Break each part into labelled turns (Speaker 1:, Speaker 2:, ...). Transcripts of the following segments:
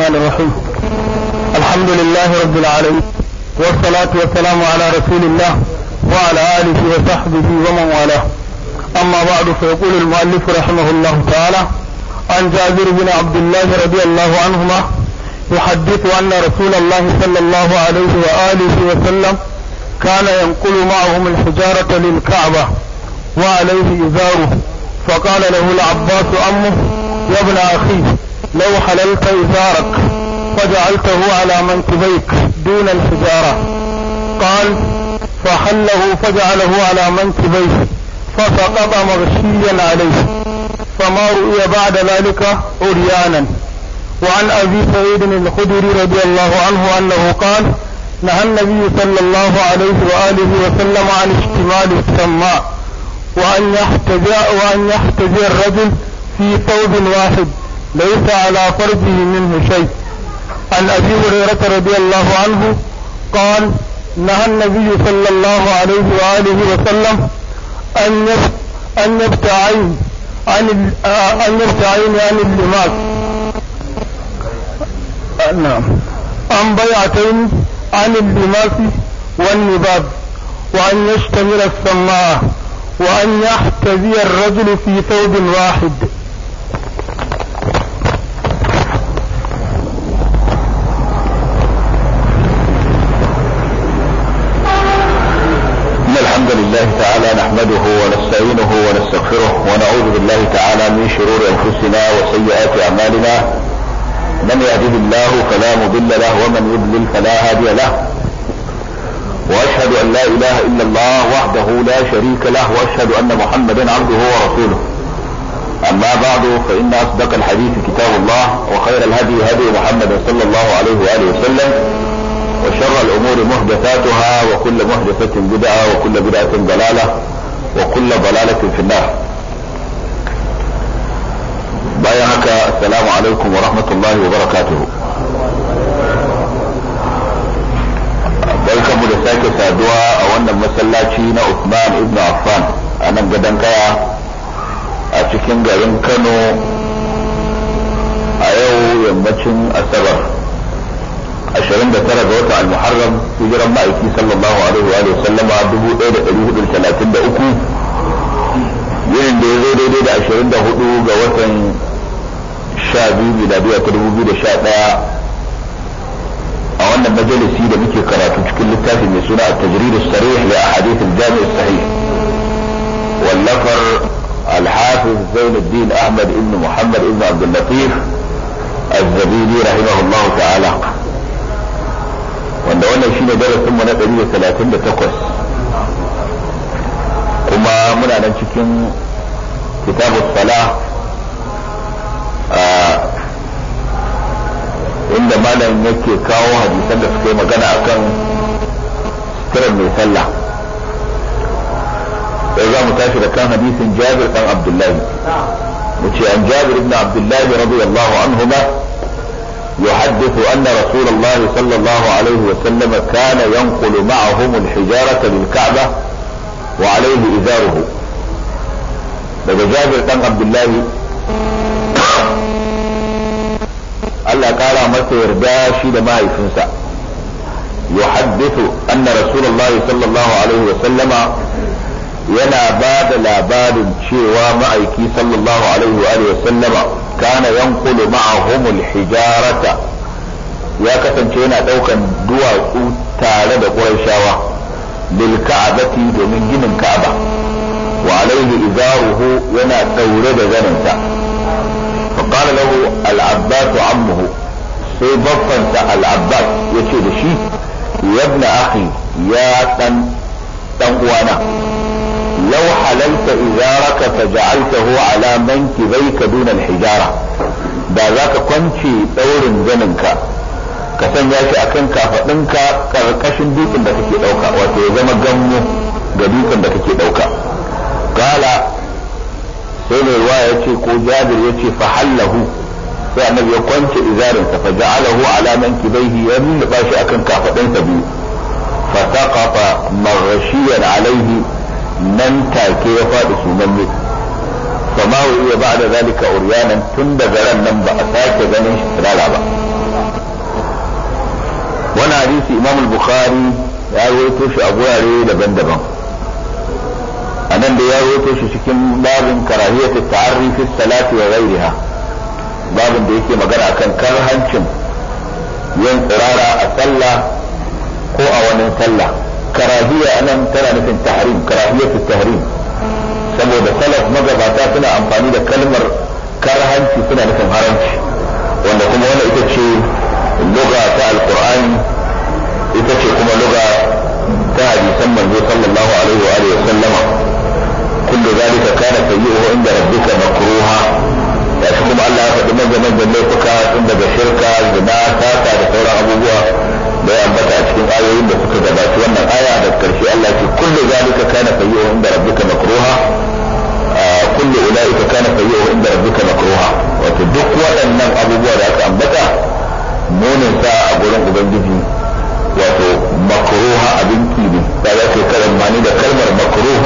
Speaker 1: الرحمن الرحيم الحمد لله رب العالمين والصلاة والسلام على رسول الله وعلى آله وصحبه ومن والاه أما بعد فيقول المؤلف رحمه الله تعالى عن جابر بن عبد الله رضي الله عنهما يحدث أن رسول الله صلى الله عليه وآله وسلم كان ينقل معهم الحجارة للكعبة وعليه إزاره فقال له العباس أمه يا ابن أخي لو حللت إزارك فجعلته على منكبيك دون الحجارة قال فحله فجعله على منكبيه فسقط مغشيا عليه فما رؤي بعد ذلك عريانا وعن أبي سعيد الخدري رضي الله عنه أنه قال نهى النبي صلى الله عليه وآله وسلم عن اشتمال السماء وأن يحتجى وأن يحتجى الرجل في ثوب واحد ليس على فرجه منه شيء عن أبي هريرة رضي الله عنه قال نهى النبي صلى الله عليه وآله وسلم أن أن يبتعين عن أن يبتعين عن اللماس نعم عن بيعتين عن اللماس والنباب وأن يشتمل السماعة وأن يحتذي الرجل في ثوب واحد
Speaker 2: الله تعالى نحمده ونستعينه ونستغفره ونعوذ بالله تعالى من شرور انفسنا وسيئات اعمالنا من يهده الله فلا مضل له ومن يضلل فلا هادي له واشهد ان لا اله الا الله وحده لا شريك له واشهد ان محمدا عبده ورسوله اما بعد فان اصدق الحديث كتاب الله وخير الهدي هدي محمد صلى الله عليه واله وسلم وشر الأمور محدثاتها وكل محدثة بدعة وكل بدعة ضلالة وكل ضلالة في النار. بايعك السلام عليكم ورحمة الله وبركاته. بايعك مدساك سادوا أولا مسلا شينا عثمان ابن عفان أنا مقدمك يا أشكين قرن أيو يمتشن أسبر ashirin da tara ga wata al-muharram hijiran ma'aiki sallallahu alaihi wa sallama dubu ɗaya da ɗari hudu talatin da uku yin da ya zo daidai da ashirin da hudu ga watan sha biyu miladiya ta dubu biyu da sha ɗaya a wannan majalisi da muke karatu cikin littafi mai suna at-tajrid as-sarih li ahadith al-jami' as-sahih wallafar al-hafiz Zainuddin Ahmad ibn Muhammad ibn Abdul Latif الزبيدي رحمه الله تعالى wanda wannan shine darasin mu na 138 kuma muna nan cikin kitabu sala ah, inda malam yake kawo hadisan da suka yi magana akan kiran mai sallah sai za mu tashi da kan hadisin jabir dan abdullahi mu ce an jabir ibn abdullahi radiyallahu anhu يحدث أن رسول الله صلى الله عليه وسلم كان ينقل معهم الحجارة للكعبة وعليه إزاره daga jabir dan abdullahi Allah kara masa yarda shi da mahaifinsa yuhaddithu anna rasulullahi sallallahu alaihi wa sallama yana ba da labarin cewa ma'aiki sallallahu alaihi wa sallama kana yankulu ma'ahumul hijarata ya kasance yana daukan duwatsu tare da ƙurashawa lil ka'abati domin ginin ka'aba wa alaihi izaruhu yana daure da zaninta fa qala lahu al-abbas ammuhu sai baffanta al-abbas yace da shi yabna akhi ya dan dan uwana لو حللت إزارك فجعلته على منكبيك دون الحجارة da za ka kwance ɗaurin zaninka ka sanya shi akan kafaɗinka ƙarƙashin dukin da kake ɗauka wato ya zama ganmu ga dukin da kake ɗauka kala sai mai ruwa ya ce ko jabir ya ce fahallahu sai annabi ya kwance izarinsa fa ja'alahu ala mankibaihi ya lulluɓa shi akan kafaɗinsa biyu fa saqata marashiyan alaihi nan take ya faɗi sunan ne fama iya ba da zalika uryanan tun daga ran nan ba a sake ganin shi tsirara ba wani hadisi imam bukhari ya rawaito shi a gurare daban-daban a nan da ya rawaito shi cikin babin karahiyatu ta'arri fi salati wa babin da yake magana akan karhancin yin tsirara a sallah ko a wani sallah كراهية أنا ترى أنا التحريم كراهية في التحريم سمو بسلف مجا باتاتنا عن طانيدة كلمة كرهن في سنة نسم هرنش وانا كما وانا إتاكي اللغة تاع القرآن إتاكي كما لغة تاع يسمى النبي صلى الله عليه وآله وسلم كل ذلك كان سيئه عند ربك مكروها يعني كما الله فتمنى من جميعك عند بشركة جماعة تاتا بطورة أبوها da ya ambata a cikin ayoyin da suka gabaci wannan aya da karshe Allah ce kullu zalika kana sayyi'un inda rabbika makruha kullu ulaika kana sayyi'un inda rabbika makruha wato duk waɗannan abubuwa da aka ambata munin sa a gurin ubangiji wato makruha abin ne da za ka yi karin mani da kalmar makruh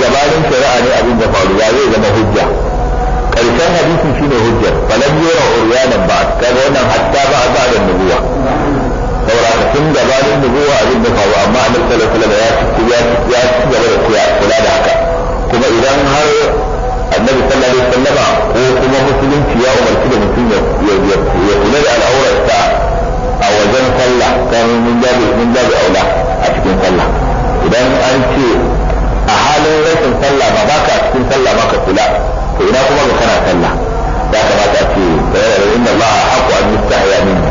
Speaker 2: gabanin shari'a ne abin da faru ya zai zama hujja karshen hadisi shine hujjar falan yura uryanan ba kaga wannan hatta ba ba da nubuwa saboda tun gabanin nubuwa abin da faru amma annabi sallallahu alaihi wasallam ya ya ci gaba da kula da haka kuma idan har annabi sallallahu alaihi wasallam ko kuma musulunci ya umarci da mutum ya kula da al'aurarsa a wajen sallah kan mun jabi mun jabi aula a cikin sallah idan an ce a halin rashin sallah ba ba ka cikin sallah ba ka kula to ina kuma ba kana sallah ya kamata a ce bayar inna Allah haqu an ya minni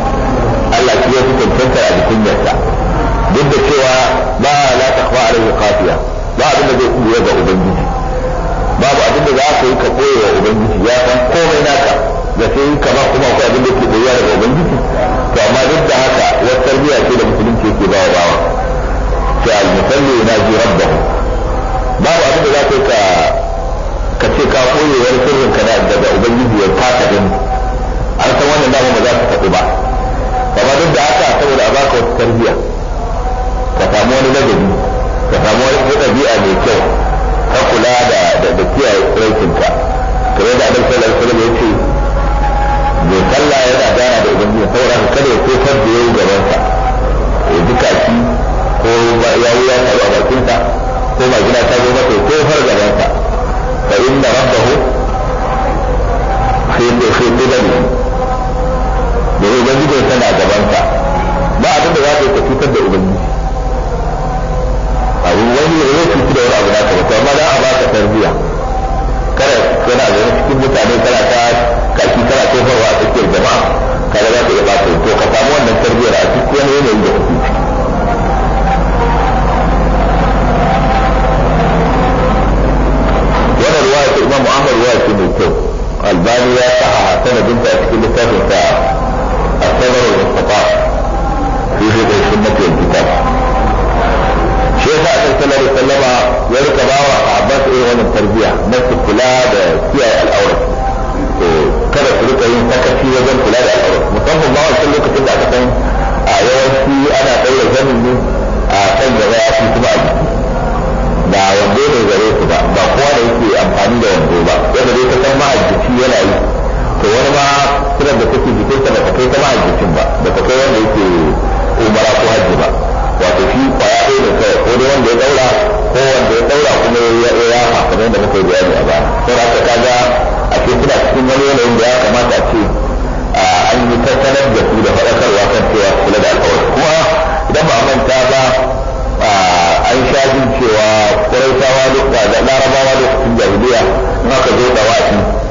Speaker 2: Allah shi ya fi tantance a cikin yarsa duk da cewa ba la taqwa alaihi qafiya ba abin da zai kubuya ga ubangiji babu abin da za ka yi ka koya wa ubangiji ya san komai naka da sai kamar kuma akwai abin da ke bayyana daga ubangiji to amma duk da haka wata tarbiyya ce da musulunci yake bawa bawa sai al-musalli yunaji rabbahu babu abin da za ka ka ka ce ka koye wani sirrin ka daga ubangiji ya taka din an san wannan dama ba za ka tafi ba amma duk da haka saboda a baka wata tarbiyya ka samu wani nagari ka samu wani ɗabi'a mai kyau ka kula da da kiyaye tsirkinka kamar da annabi sallallahu alaihi wasallam ya ce mai kalla yana gana da ubangiji saboda kada ya tofar da yayi gaban ka ya ji kashi ko ya ya ta a bakinsa ko ba gida ta zo mata ko har gaban ka fa inna rabbahu fi fi bidani da ubangiji ya tana gaban ka ba abin da za ka yi ka cutar da ubangiji abu wani ya zai da wani abu da ka ba amma za a baka tarbiya kada kana wani cikin mutane kana ta kashi kana tofarwa a tsakiyar jama'a kada za ka iya ba ka to ka samu wannan tarbiyyar a cikin wani yanayi da kuke ciki الإمام أحمد واسي ميكو الباني يا صحح سنة بنت أشكل سنة الثمر والانقطاع في فقه السنة والكتاب شيخ صلى الله عليه وسلم يركب باوع عباس ايه وانا التربية نفس الكلاب فيها الأورث kada su rika yin sakaci wajen kula da al'aura musamman ma wancan lokacin da aka san a yawanci ana ɗaura zanin a kan gaba ya fi kuma a jiki ba wando ne gare ku ba ba kowa da yake amfani da wando ba wanda dai kasan ma'aikaci yana yi to wani ma kiran da take jikinsa ba ta kai ta ma'aikacin ba ba ta kai wanda yake umara ko hajji ba wato shi kwaya ɗaya ne kawai ko wanda ya daura ko wanda ya daura kuma ya yafa kamar da muka yi bayani a baya da aka kaga a ce suna cikin wani yanayin da ya kamata a ce an yi ta sanar da su da faɗakarwa kan cewa kula da alkawari kuma idan ba a manta ba an sha jin cewa ƙuraitawa da larabawa lokacin jahiliya na aka zo da wa'i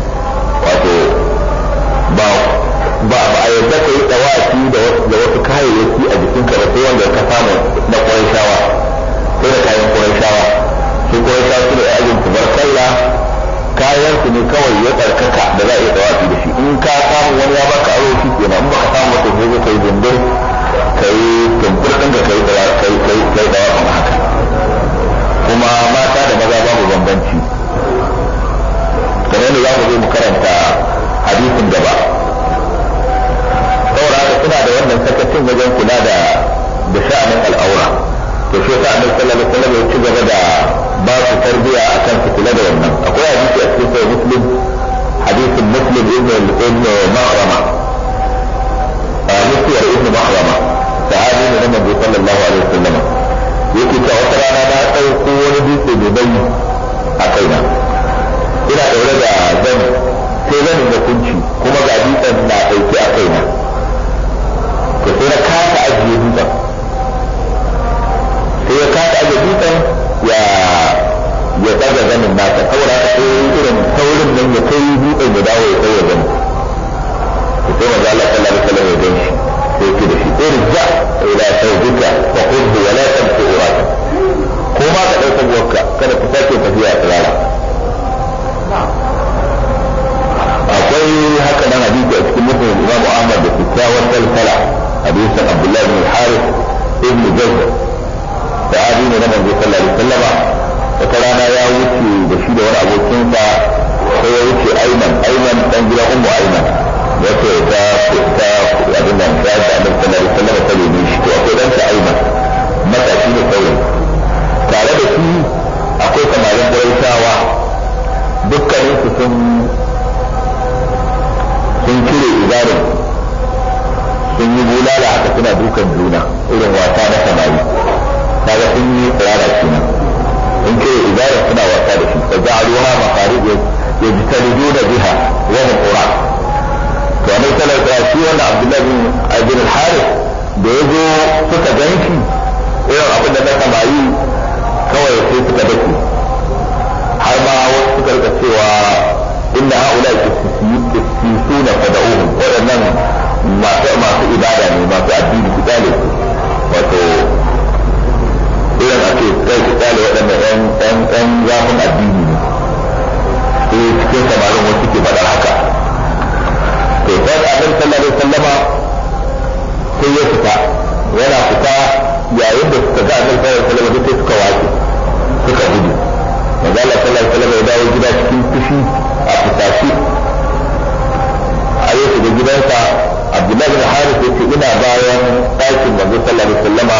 Speaker 2: وسلم كلما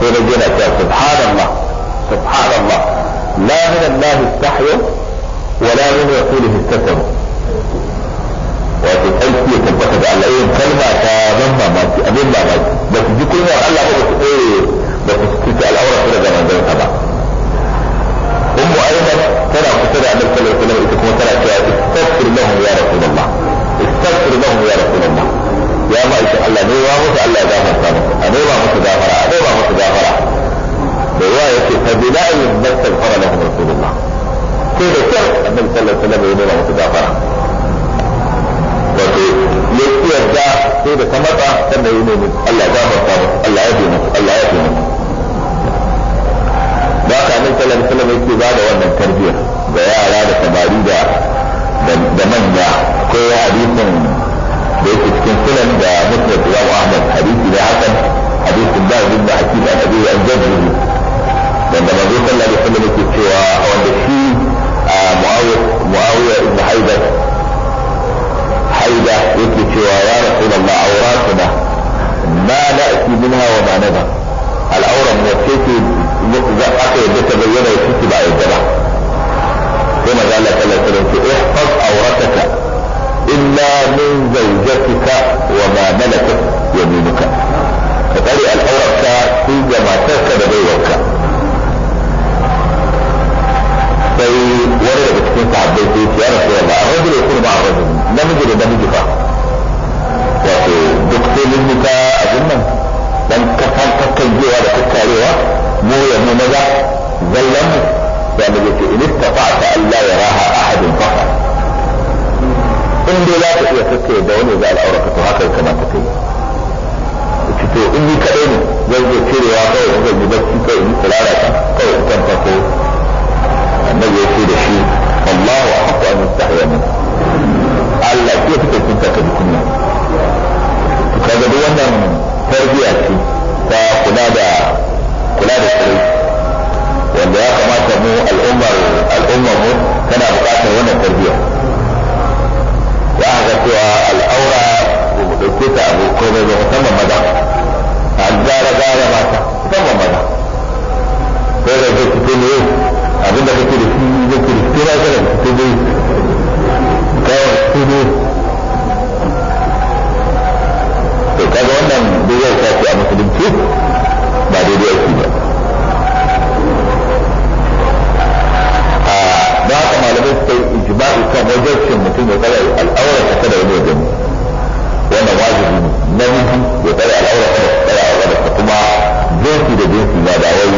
Speaker 2: تنجينا سبحان الله سبحان الله لا من الله استحي ولا من رسوله استسم وفي الحلسية تبتد على أي كلمة كمهما ما في أبين ما في بس دي كلمة على هو بس إيه بس تسكي على أورا كده زمان زمان تبع أمو أيضا ترى كتير عمل صلى الله عليه وسلم إذا ترى كتير استغفر لهم يا رسول الله استغفر لهم يا رسول الله ya ma aikin Allah ne ya musu Allah gafarta musu a nema musu gafara a nema musu gafara da yawa yake fa bilayin nastaghfara lahum rasulullah sai da kyau annabi sallallahu alaihi wasallam ya nema gafara wato ya yarda sai da kamata sannan ya nemi Allah ya gafarta Allah ya bi musu Allah ya bi yake ba da wannan tarbiyyar ga yara da samari da da manya ko ya nan. ليس cikin sunan da musnad imam ahmad hadisi da hasan hadisin da bin da hakim an abi an jaddihi wanda manzo sallallahu alaihi wasallam yake cewa wanda shi muawiya muawiya ibn haidar haida yake cewa ya rasulullah awratuna ma na'ti minha wa ma nadha al'aura mu wacce ce za aka yadda ta bayyana wacce ba yadda ba sai maza Allah sallallahu alaihi wasallam ce ihfaz awrataka إلا من زوجتك وما ملكت يمينك فتري الأوراق طيب، في جماعتك بدورك في ورد بكتين تعبيت يا رسول الله الرجل يكون مع الرجل لا نجد لا نجد يعني دكتور لنك أجمع لن كفان تكن جوا لكتا لوا مو يمو ذلك يعني إن استطعت أن لا يراها أحد فقط in dai za ka iya kaka da wani ga al'aurarka to haka ya kamata kai to in ni kaɗai ne zan iya cirewa kawai in zan yi barci kawai in tsirara ta kawai in kwanta ko annabi ya ce da shi Allahu haqqu an yastahya min Allah ke fita kinta ta bi kunya to kaga duk wannan tarbiya ce ta kula da kula da tsare wanda ya kamata mu al'ummar al'ummar mu tana buƙatar wannan tarbiya za a ga cewa al'aura da mu ɗauke ta abu ko da ba musamman maza a gara gara mata musamman maza sai da zai fito ne abin da kake da shi zai da shi na gara fito dai kawai fito dai to kaga wannan dai yau ta a musulunci ba daidai ake ba da haka malamai suka yi ba kan wajen mutum ya tsare al'aura ta kada wani gani wannan wajibi ne namiji ya tsare al'aura ta tsare al'aura ta kuma jinsi da jinsi na da wai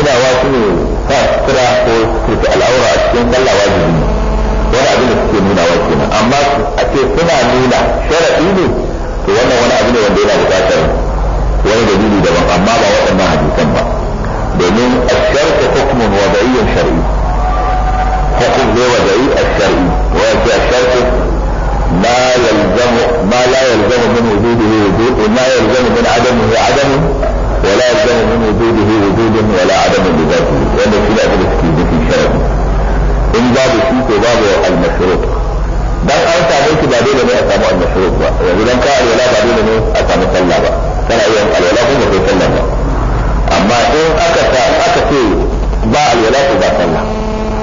Speaker 2: nunawa su ne sa sutura ko tuta al'aura a cikin sallah wajibi ne wani abin da suke nunawa kenan amma a ce suna nuna sharaɗi ne to wannan wani abu ne wanda yana buƙatar wani dalili daban amma ba waɗannan hadisan ba domin a sharta hukumin wada'iyyar shari'i hukum zai wada'i a shari'i wanda a sharta ما يلزم ما لا يلزم من وجوده وجود وما يلزم من عدمه عدمه ولا يلزم من وجوده وجود ولا عدم بذاته وأن كلا أجل في شرط إن باب شيء باب المشروط dan an samu shi ba dole ne a samu al ba yanzu dan ka alwala ba dole ne a samu sallah ba kana iya alwala ba sai sallah ba amma in aka ta in aka ce ba alwala ko ba sallah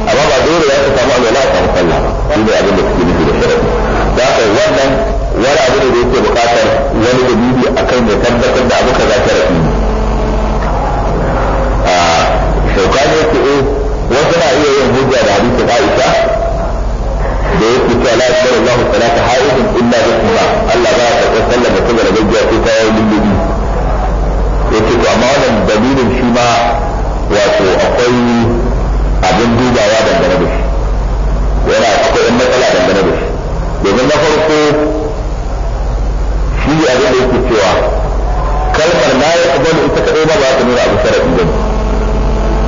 Speaker 2: amma ba dole ya ka samu alwala a samu sallah ba shi ne abin da suke nufi da sharadi da haka wannan wani abu ne da yake bukatar wani dalili akan ya tabbatar da abu kaza sharadi ne shauka ne ke e wasu na iya yin hujja da hadisin isa. da ya cewa la ilaha illallah salatu haidin da kuma Allah ba ta karɓar sallar da kuma da gajiya sai ta lullubi. Ya ce to amma wannan dalilin shi ma wato akwai abin dubawa dangane da shi yana akwai ɗan matsala dangane da shi domin na farko shi abin da yake cewa kalmar na ya kabalu ita kaɗai ba za ta nuna abu sharaɗi ba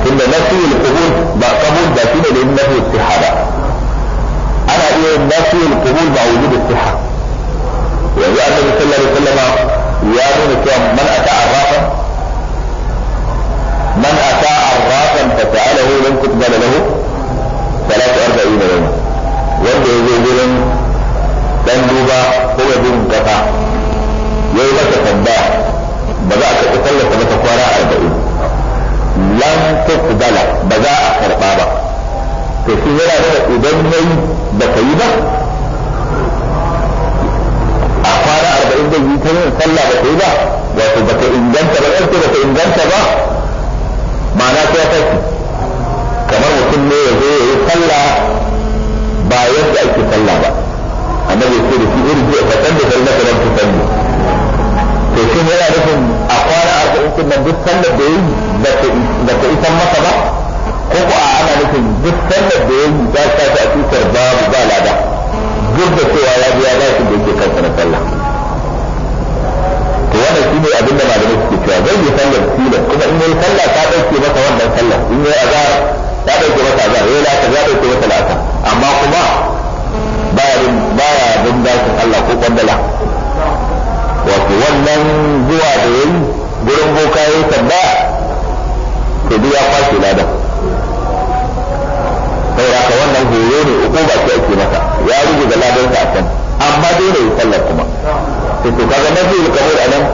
Speaker 2: tun da nafi al-qubul ba qabul ba shi ne da nafi al-sihha ba ana iya nafi al-qubul ba wujud al-sihha yanzu annabi sallallahu alaihi wasallam ya nuna cewa man ata arrafa man ata arrafan fa ta'alahu lam tuqbal lahu salatu arba'ina yawma wanda ya zo gurin dan duba ko ya bin kafa yayi masa tambaya ba za a karɓi sallar lan kudala ba za a karba ba to shi yana da idan mai ba ka yi ba a kwana arba'in da yi ta yin sallah ba ka yi ba wato ba ka inganta ba ɗarke ba ka inganta ba ma'ana ta kai kamar mutum ne ya zo ya yi sallah ba yadda ake sallah ba annabi ya ce da shi irin ce ka san da sallah ka ta ku to shin yana nufin a kwana arba'in din nan duk sallar da yayi ba ta isan masa ba ko ko a ana nufin duk sallar da yayi za ta ta tutar babu ba lada duk da cewa ya biya bashin da yake kansa na sallah to wannan shi ne abin da malamai suke cewa zai yi sallar tilas kuma in yayi sallah ta dauke masa wannan sallah in yayi azhar ta dauke masa azhar yayi lata ta dauke masa lata amma kuma baya baya bin bashin Allah ko kwandala wato wannan zuwa da yayi gurin boka yayi tabba to duk ya kwashe ladan saboda ka wannan horo ne uku ba shi ake masa ya rige da ladan sa a can amma dole ya sallar kuma to to kaga nafi kamar anan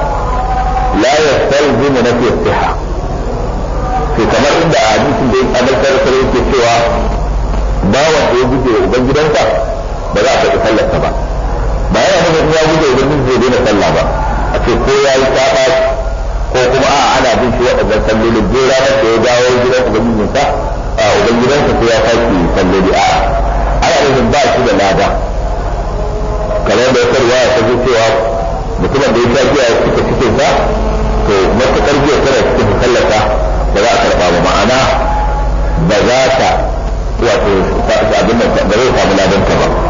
Speaker 2: la yastalzimu nafi siha to kamar inda a hadisin da ya kamar sarrafa yake cewa bawan da ya guje ubangidansa ba za ka sallar sallarsa ba ba yana nufin ya wuce idan mutum zai daina sallah ba a ce ko ya yi saɓa ko kuma a ana bin shi waɗannan sallolin duk ranar da ya dawo gidan sa a ubangidansa sai ya sake salloli a ana nufin ba shi da lada kamar da ya karwa ya kaji cewa mutumin da ya tafi ya suka cikin sa to matuƙar giya tana cikin sallata ba za a karɓa ba ma'ana ba za ta wato abin da ba zai samu ladanta ba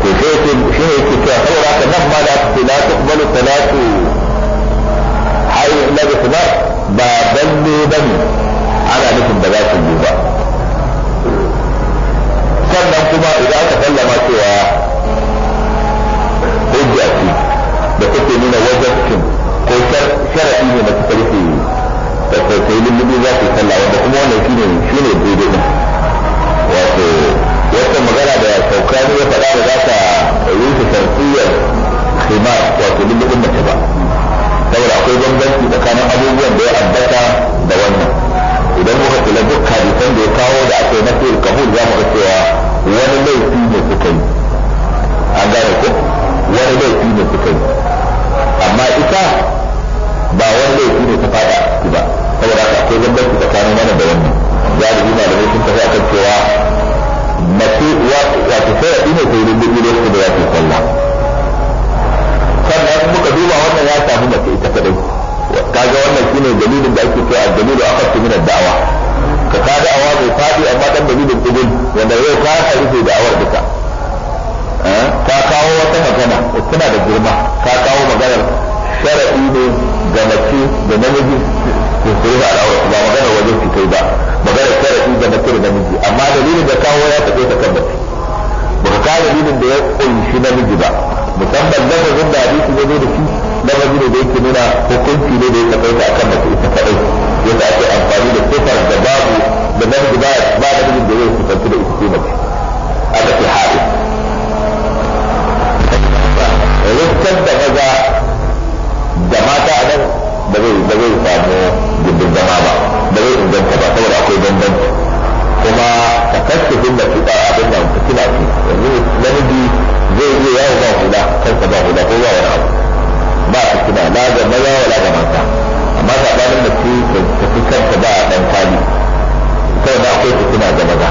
Speaker 2: to sai ce shi ne yake cewa saboda haka nan ma da aka la ta salatu hayy na da ba ba balle bane ana nufin ba za su yi ba sannan kuma idan aka sallama cewa hujja ce da take nuna wajabcin ko sharaɗi ne da suka rufe da sai lullubi za su sallah wanda kuma wannan shine shine daidai wata magana da saukani ya faɗa da za ta rufe sarfiyar khimar wato lullubin mace ba saboda akwai bambanci tsakanin abubuwan da ya addata da wannan idan muka kula duk kadisan da ya kawo da aka yi na fiye kabul za mu ga cewa wani laifi ne suka yi an gane ko wani laifi ne suka yi amma ita ba wani laifi ne ta fada ba saboda haka akwai bambanci tsakanin wannan da wannan ya yi malamai sun tafi akan cewa mace wato sai ne sai rubutu lokacin da ya fi sallah sannan muka duba wannan ya samu mace ita kadai kaga wannan shine dalilin da ake a dalilu akhadtu min ad-da'wa ka da'awa mai fadi amma dan dalilin kudin wanda yau ka ka rufe da'awar duka eh, ka kawo wata magana tana da girma ka kawo maganar sharaɗi ne ga mace da namiji yunkuri ba al'aura ba magana wajen ki kai ba magana sharafi da mace da namiji amma dalilin da kawo ya tafi ta kan mace ba ka kawo dalilin da ya kunshi namiji ba musamman lafazin da hadisi ne da shi lafazi ne da yake nuna hukunci ne da ya tafi ta akan mace ita kadai yadda ake amfani da sifar da babu da namiji ba ba namijin da zai sifanci da ita mace aka ce haɗe. Rikkar da maza da mata a nan ba zai samu gindin zama ba ba zai inganta ba saboda akwai bambanci kuma a takaskufin da fita abin da fitina ce yanzu namiji zai iya yawo ba hula kansa ba hula ko ba wani abu ba fitina na ga maza wala ga mata amma sabanin da su tafi kanta ba a dan kwali kawai da akwai fitina ga maza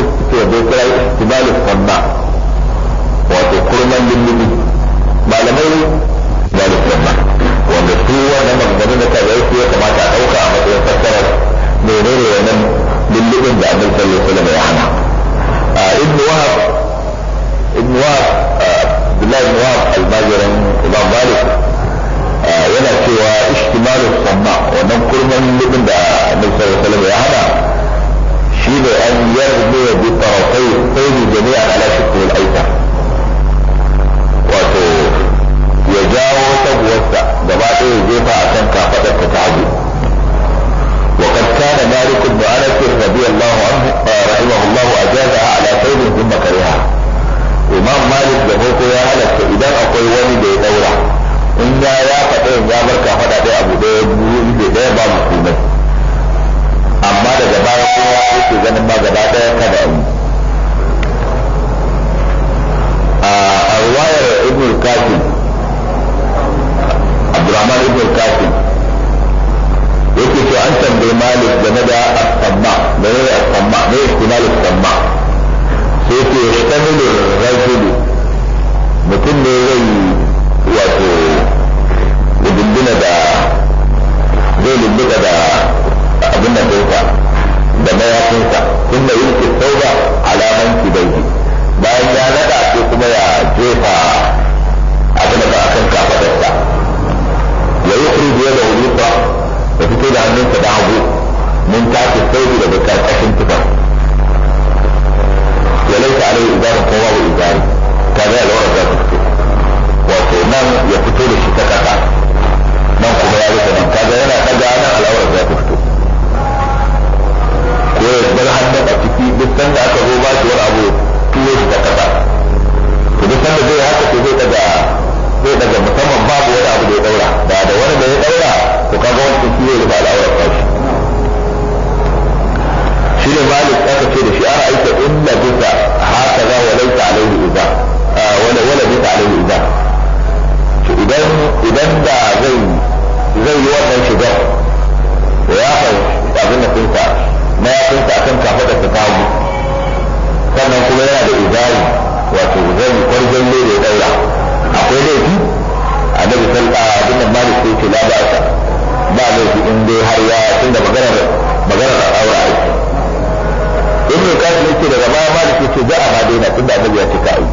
Speaker 2: da suke bai kira istibalin sanna wato kurman lullubi malamai istibalin sanna wanda su wannan maganganun da ta zai ya kamata a ɗauka a matsayin fassarar menene wannan lullubin da annabi sallallahu alaihi wasallam ya hana ibn wahab ibn wahab abdullahi ibn wahab almajirin imam malik yana cewa ishtimalus sanna wannan kurman lullubin da annabi sallallahu alaihi wasallam ya hana يجب ان يربي بطرفين طول جميع على شكل الايسر وتو يجاو تبوسا دبات يجيب عشان كافتة تتعبي وقد كان مالك بن انس رضي الله عنه رحمه الله اجازها على طول ثم كرهها امام مالك يقول يا هلك اذا اقول وني بيدورا ان يا فتاه يا مركه فتاه ابو بيد بيد بيد amma daga baya kowa yake ganin ma gaba daya kada a yi a ruwayar ibn kafi abdurrahman ibn kafi yake to an tambayi malik game da as-samma game da as-samma ne ihtimal malik kamma sai ke yashtamilu rajulu mutum ne zai wato ya dindina da zai dindina da abin da ɗauka da mayafinsa sun da yin sauba alaman kibaihi bayan ya naɗa sai kuma ya jefa abin da akan kafaɗarsa ya yi kuri biyar da wulufa da fito da hannunsa da hagu mun tafi sauki daga karkashin tufar ya laita alai izarin kowa wa izari tare da lawar za ta fito wato nan ya fito da shi ta kasa nan kuma ya rufe nan kaga yana san da aka zo ba shi wani abu tuwo shi ta kasa to duk sanda zai haka ko zai daga zai daga musamman babu wani abu da ya daura da da wani da ya daura to kaga wani sun tuwo da al'aurar kwashi shi ne malik aka ce da shi ara aika illa bisa haka za wa laita alaihi uba ah, wala wala bisa alaihi uba idan idan da zai zai yi wannan shiga ya fahimci abin da kunta mayafinsa akan kafa da ta sannan kuma yana da izari wato zai kwarjan ne da daura akwai laifi annabi sallallahu alaihi wasallam malik sai ce la ba'sa ba laifi in dai har ya da maganar maganar da daura aiki in ne kasu yake daga baya malik yake za a ma daina tunda annabi ya ce ka yi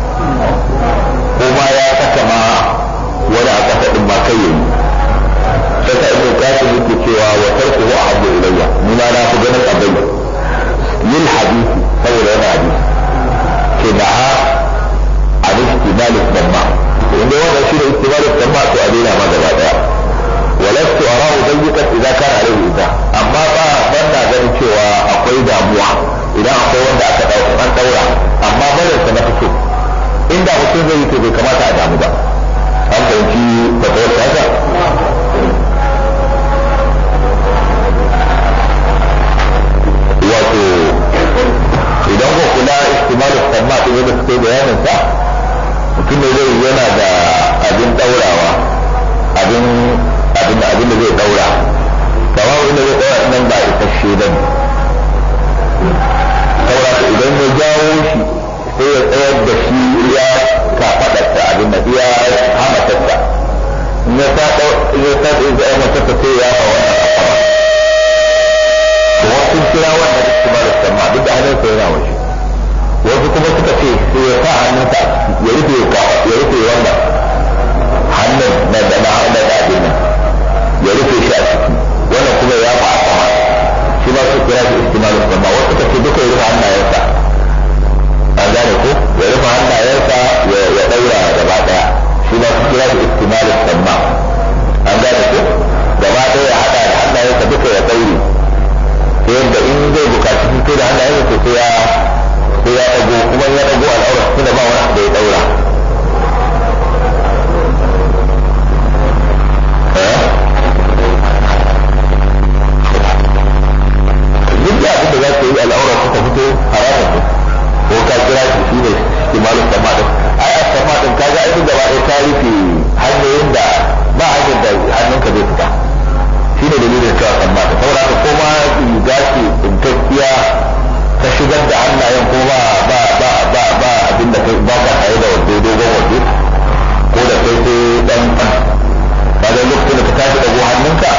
Speaker 2: kuma ya saka ma wani a kasa din ma kai yayi sai ka ibnu kasu yake cewa wa tarku wa abu ilayya ni ma na fi ganin abin lil hadisi saboda yana hadisi ke da ha a nufi malik In inda wannan shi da istimalik to a daina ma gaba daya walastu yi dayyukan idan kana alaihi ita amma ba ban na ganin cewa akwai damuwa idan akwai wanda aka dauka an daura amma bayan sa na fito inda mutum zai yi to bai kamata a damu ba an fahimci fatawar haka wato idan ko kula istimal samma da da suka bayanin sa mutum ne zai yana da abin daurawa abin abin abin da zai daura kama wanda zai daura nan ba shi da ne idan ya jawo shi sai ya tsayar da shi ya ta abin da iya ta in ya sa ɗaukar ya sa ɗaukar ya sa ɗaukar ya sa wasu kira kuma da sama duk da hannunsa yana waje wasu kuma suka ce su ya sa hannun hannunsa ya rufe ya rufe wannan hannun na da na hannun da abin nan ya rufe shi a ciki wannan kuma ya fa a sama shi ma su kira shi istimarar sama wasu suka ce duka ya rufe hannayensa a gane ko ya rufe hannayensa ya daura gaba daya shi ma su kira shi istimarar sama an gane ko ta yadda in zai bukaci fito da hannayen ko sai ya sai ya dago kuma ya dago al'aura tunda ba wani da ya daura eh? duk da abin da za ta yi al'aura ta fito haramun ko ka kira shi shi ne imanin sama din ai a sama din kaga aikin gaba ɗaya ta rufe hanyoyin da ba hanyar da hannunka zai fita shi ne nuna cewa amma da saboda haka ko ma riga ce tsintacciya ka shigar da hannayen ko ba ba ba ba ba abin da ba ka tare da wando dogon wando ko da kai sai dan ba da lokacin da ka tashi dago hannunka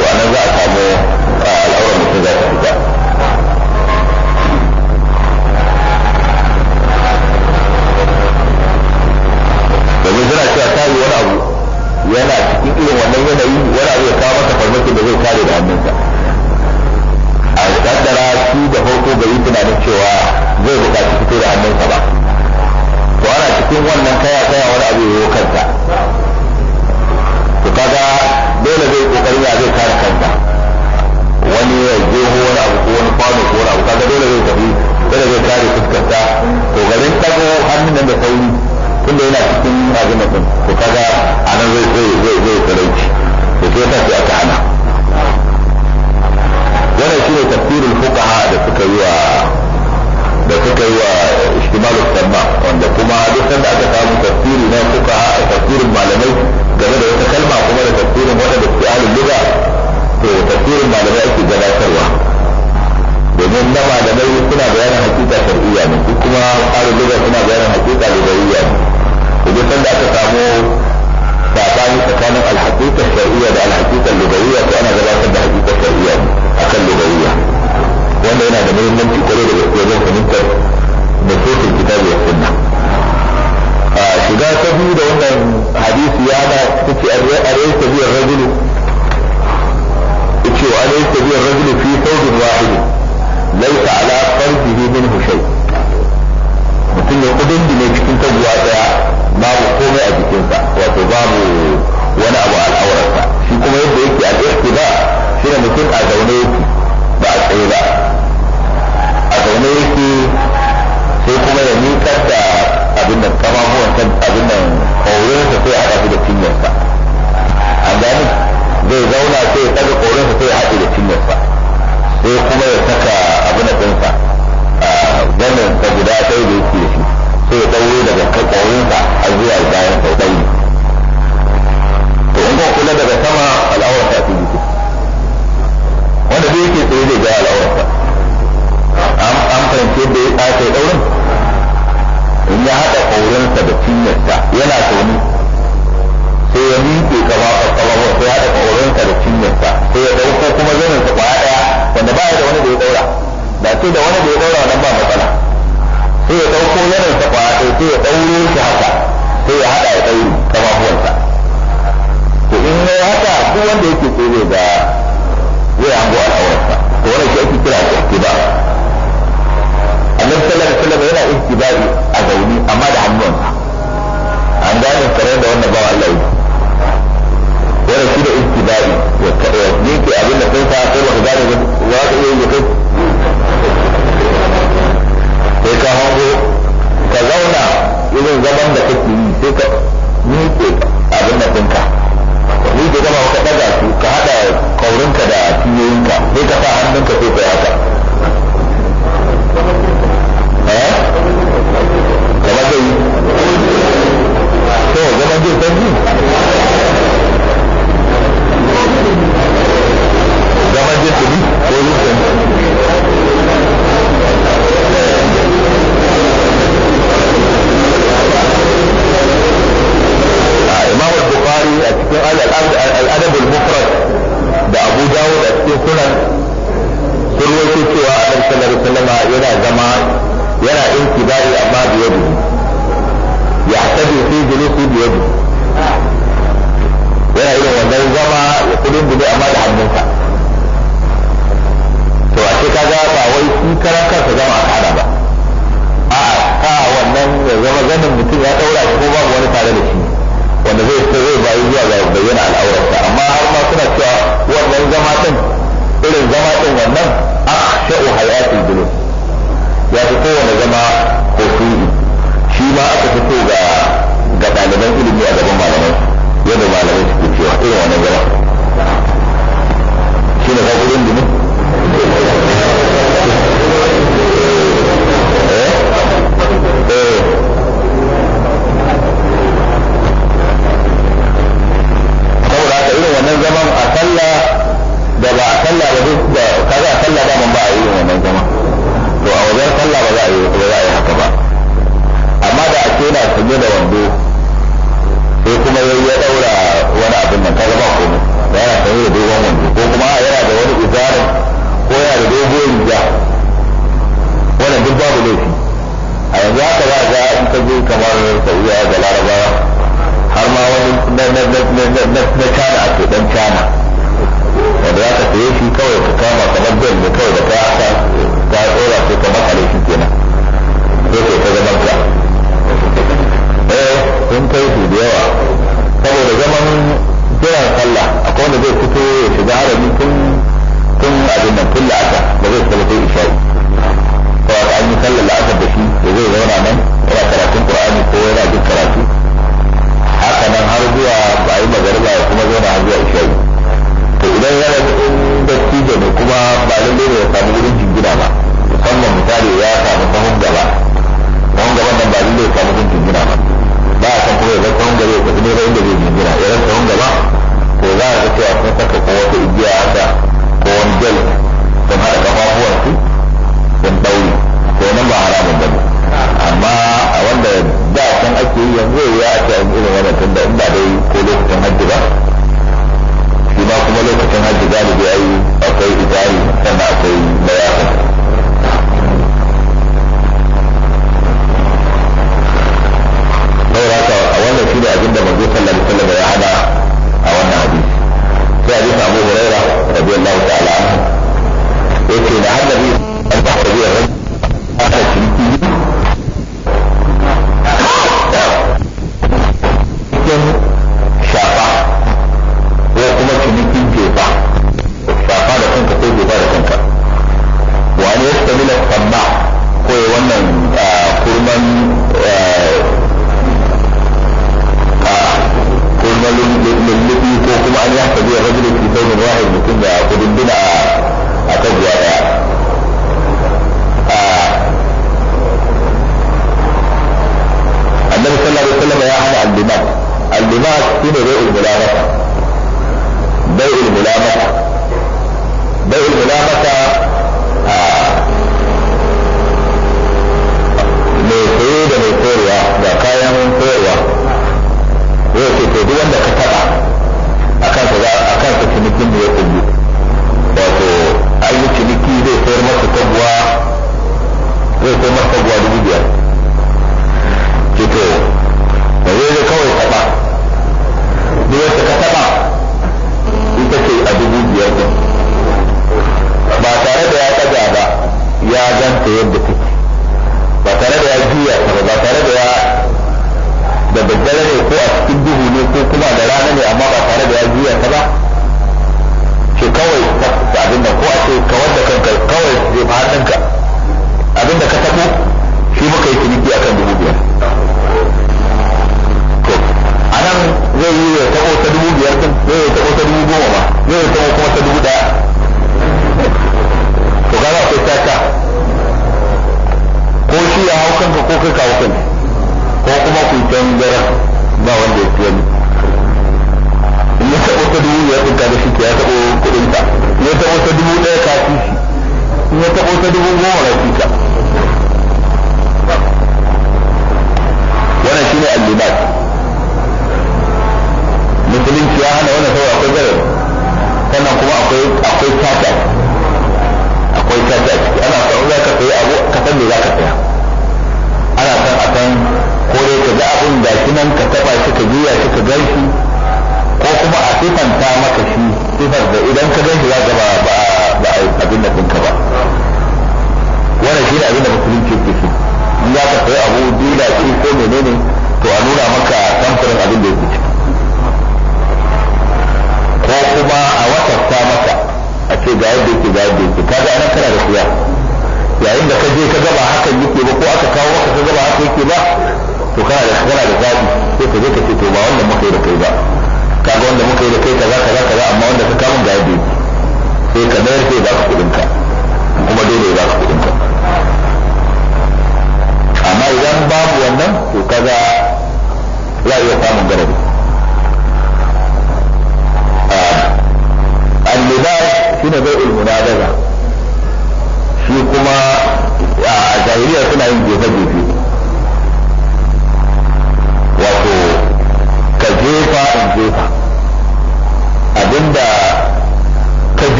Speaker 2: to anan za a samu al'aurar mutum za ta fita domin zira cewa ta yi wani abu yana cikin irin wannan yanayi wani abu ya kawo masa farmakin da zai kare da hannunsa a kaddara shi da farko bai tunanin cewa zai buƙaci fito da hannunsa ba to ana cikin wannan kaya kaya wani abu ya yi kansa to kaga dole zai kokari ya zai kare kanta. wani ya jeho wani abu ko wani kwano ko wani abu kaga dole zai tafi dole zai kare fuskarsa to garin tago hannun nan da sauri tunda yana cikin abin da kun to kaga zai zai zai zai talauci to sai ta ce aka hana wannan shine tafsirin fuqaha da suka yi wa da suka yi wa wanda kuma duk sanda aka samu tafsiri na fuqaha a malamai game da wata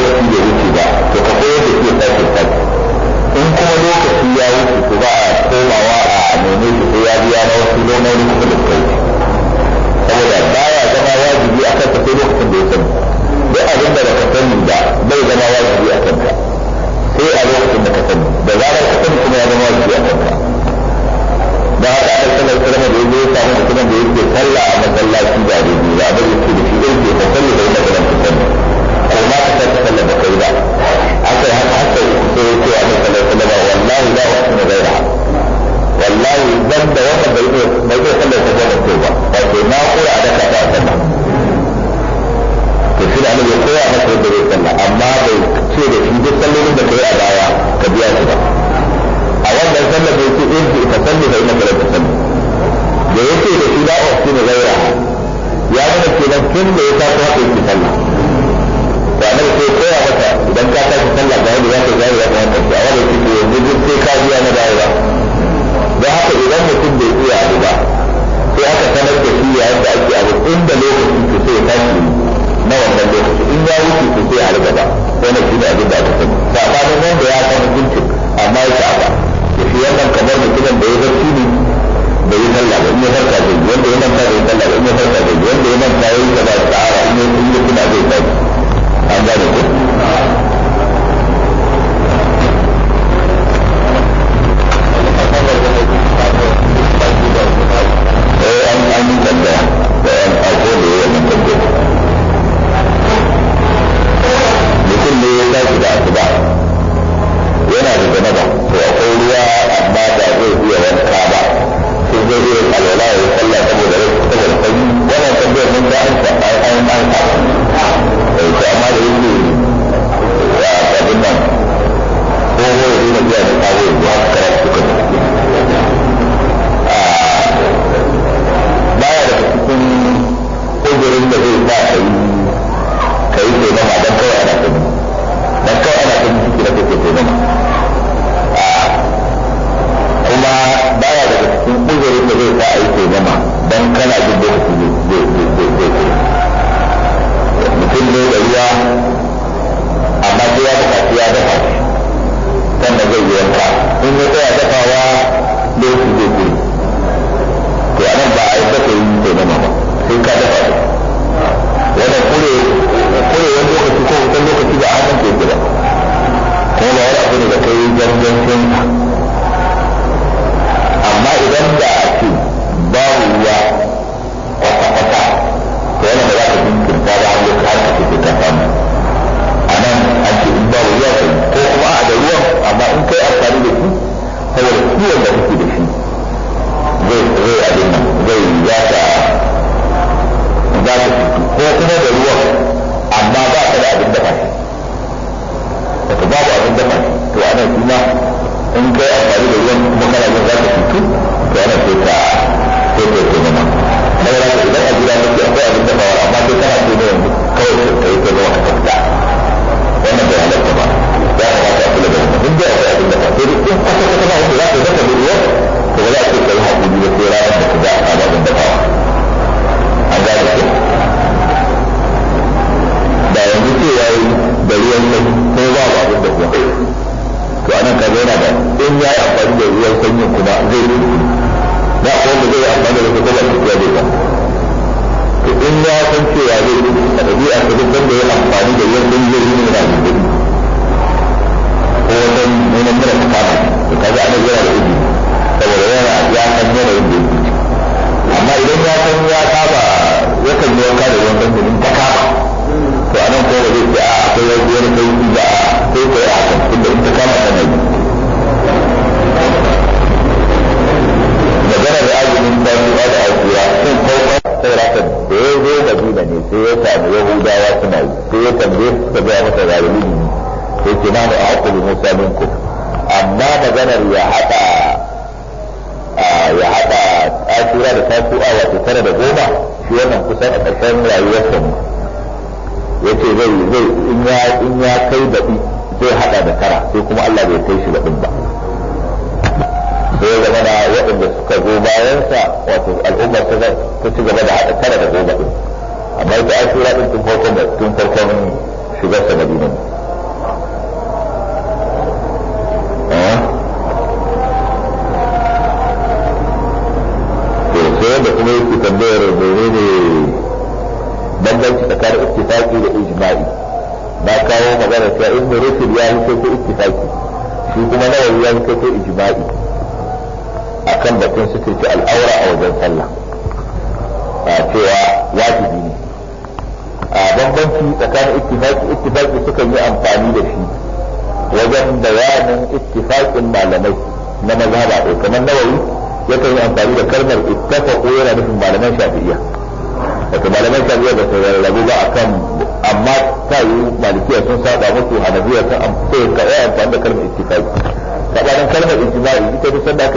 Speaker 2: menjadi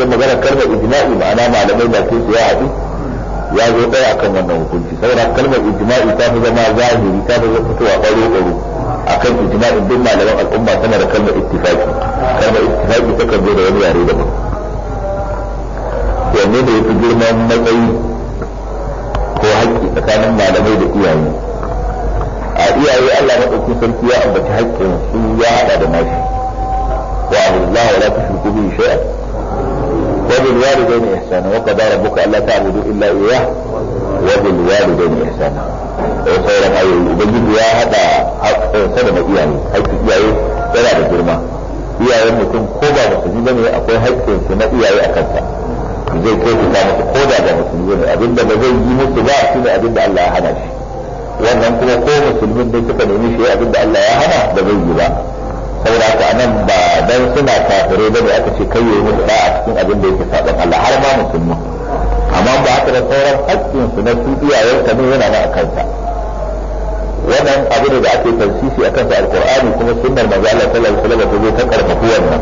Speaker 2: sai magana kalmar ijma'i ma'ana malamai da ke ya haɗu ya zo ɗaya akan wannan hukunci saboda kalmar ijma'i ta fi zama zahiri ta fi fitowa ɓaro ɓaro akan ijma'in duk malaman al'umma sama da kalmar ittifaqi kalmar ittifaqi ta kan zo da wani yare daban wanne da ya fi girman matsayi ko haƙƙi tsakanin malamai da iyaye a iyaye Allah na ɗauki sarki ya ambaci haƙƙin su ya haɗa da nashi wa abu Allah wa la tushriku bihi shay'an وبالوالدين إحسانا وقد ربك ألا تعبدوا إلا إياه وبالوالدين إحسانا وصورا أيه وبالجد يا هذا سلم إياني حيث إياه فلا بجرمة إياه أنكم خوضا مسجدين أقول حيث إنسما إياه أكدت إذا كنت لا مسجدين خوضا أبدا بزي يموت لا أسنى أبدا ألا أهنش وأنكم قوم مسجدين بيتك نميش أبدا ألا أهنش بزي يبقى saboda a nan ba dan suna ba bane aka ce kai yayi musu a cikin abin da yake saban Allah har ma musulmi amma ba haka da sauran hakkin su na su iyayen ka ne yana da kansa wannan abu da ake tansisi akan sa alqur'ani kuma sunnar manzo Allah sallallahu alaihi wasallam ta karfafa wannan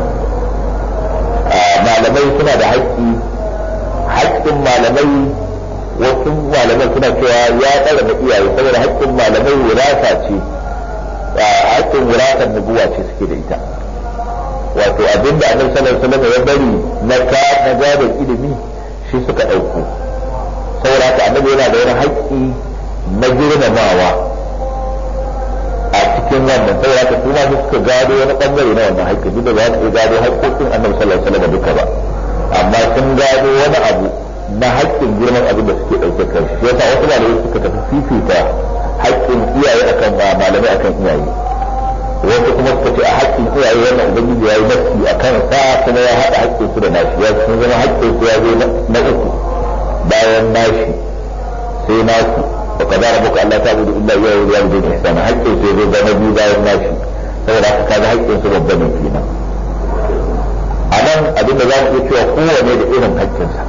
Speaker 2: malamai suna da haƙƙi haƙƙin malamai wasu malamai suna cewa ya tsara da iyaye saboda hakkin malamai wirasa ce haƙƙin wuratan nubuwa ce suke da ita wato da annabi sallallahu alaihi ya bari na ka na gadon ilimi shi suka ɗauko saboda haka annabi yana da wani haƙƙi na girmamawa a cikin wannan saboda haka kuma su suka gado wani bangare na wannan haƙƙi duk da za su gado haƙƙoƙin annabi sallallahu alaihi duka ba amma sun gado wani abu na haƙƙin girman abin da suke dauke kai shi yasa wasu malamai suka tafi fifita hakkin iyaye akan ba malamai akan iyaye wata kuma suka ce a hakkin iyaye wannan ubangiji ya yi nafi a kan sa kuma ya haɗa haƙƙin su da nashi ya sun zama haƙƙin su ya zo na uku bayan nashi sai nasu wa kaza rabbuka Allah ta budu illa iyaye ya yi sana haƙƙin su ya zo na biyu bayan nashi saboda haka kaga haƙƙin su babba ne kenan a nan abinda da za mu iya cewa kowane da irin haƙƙinsa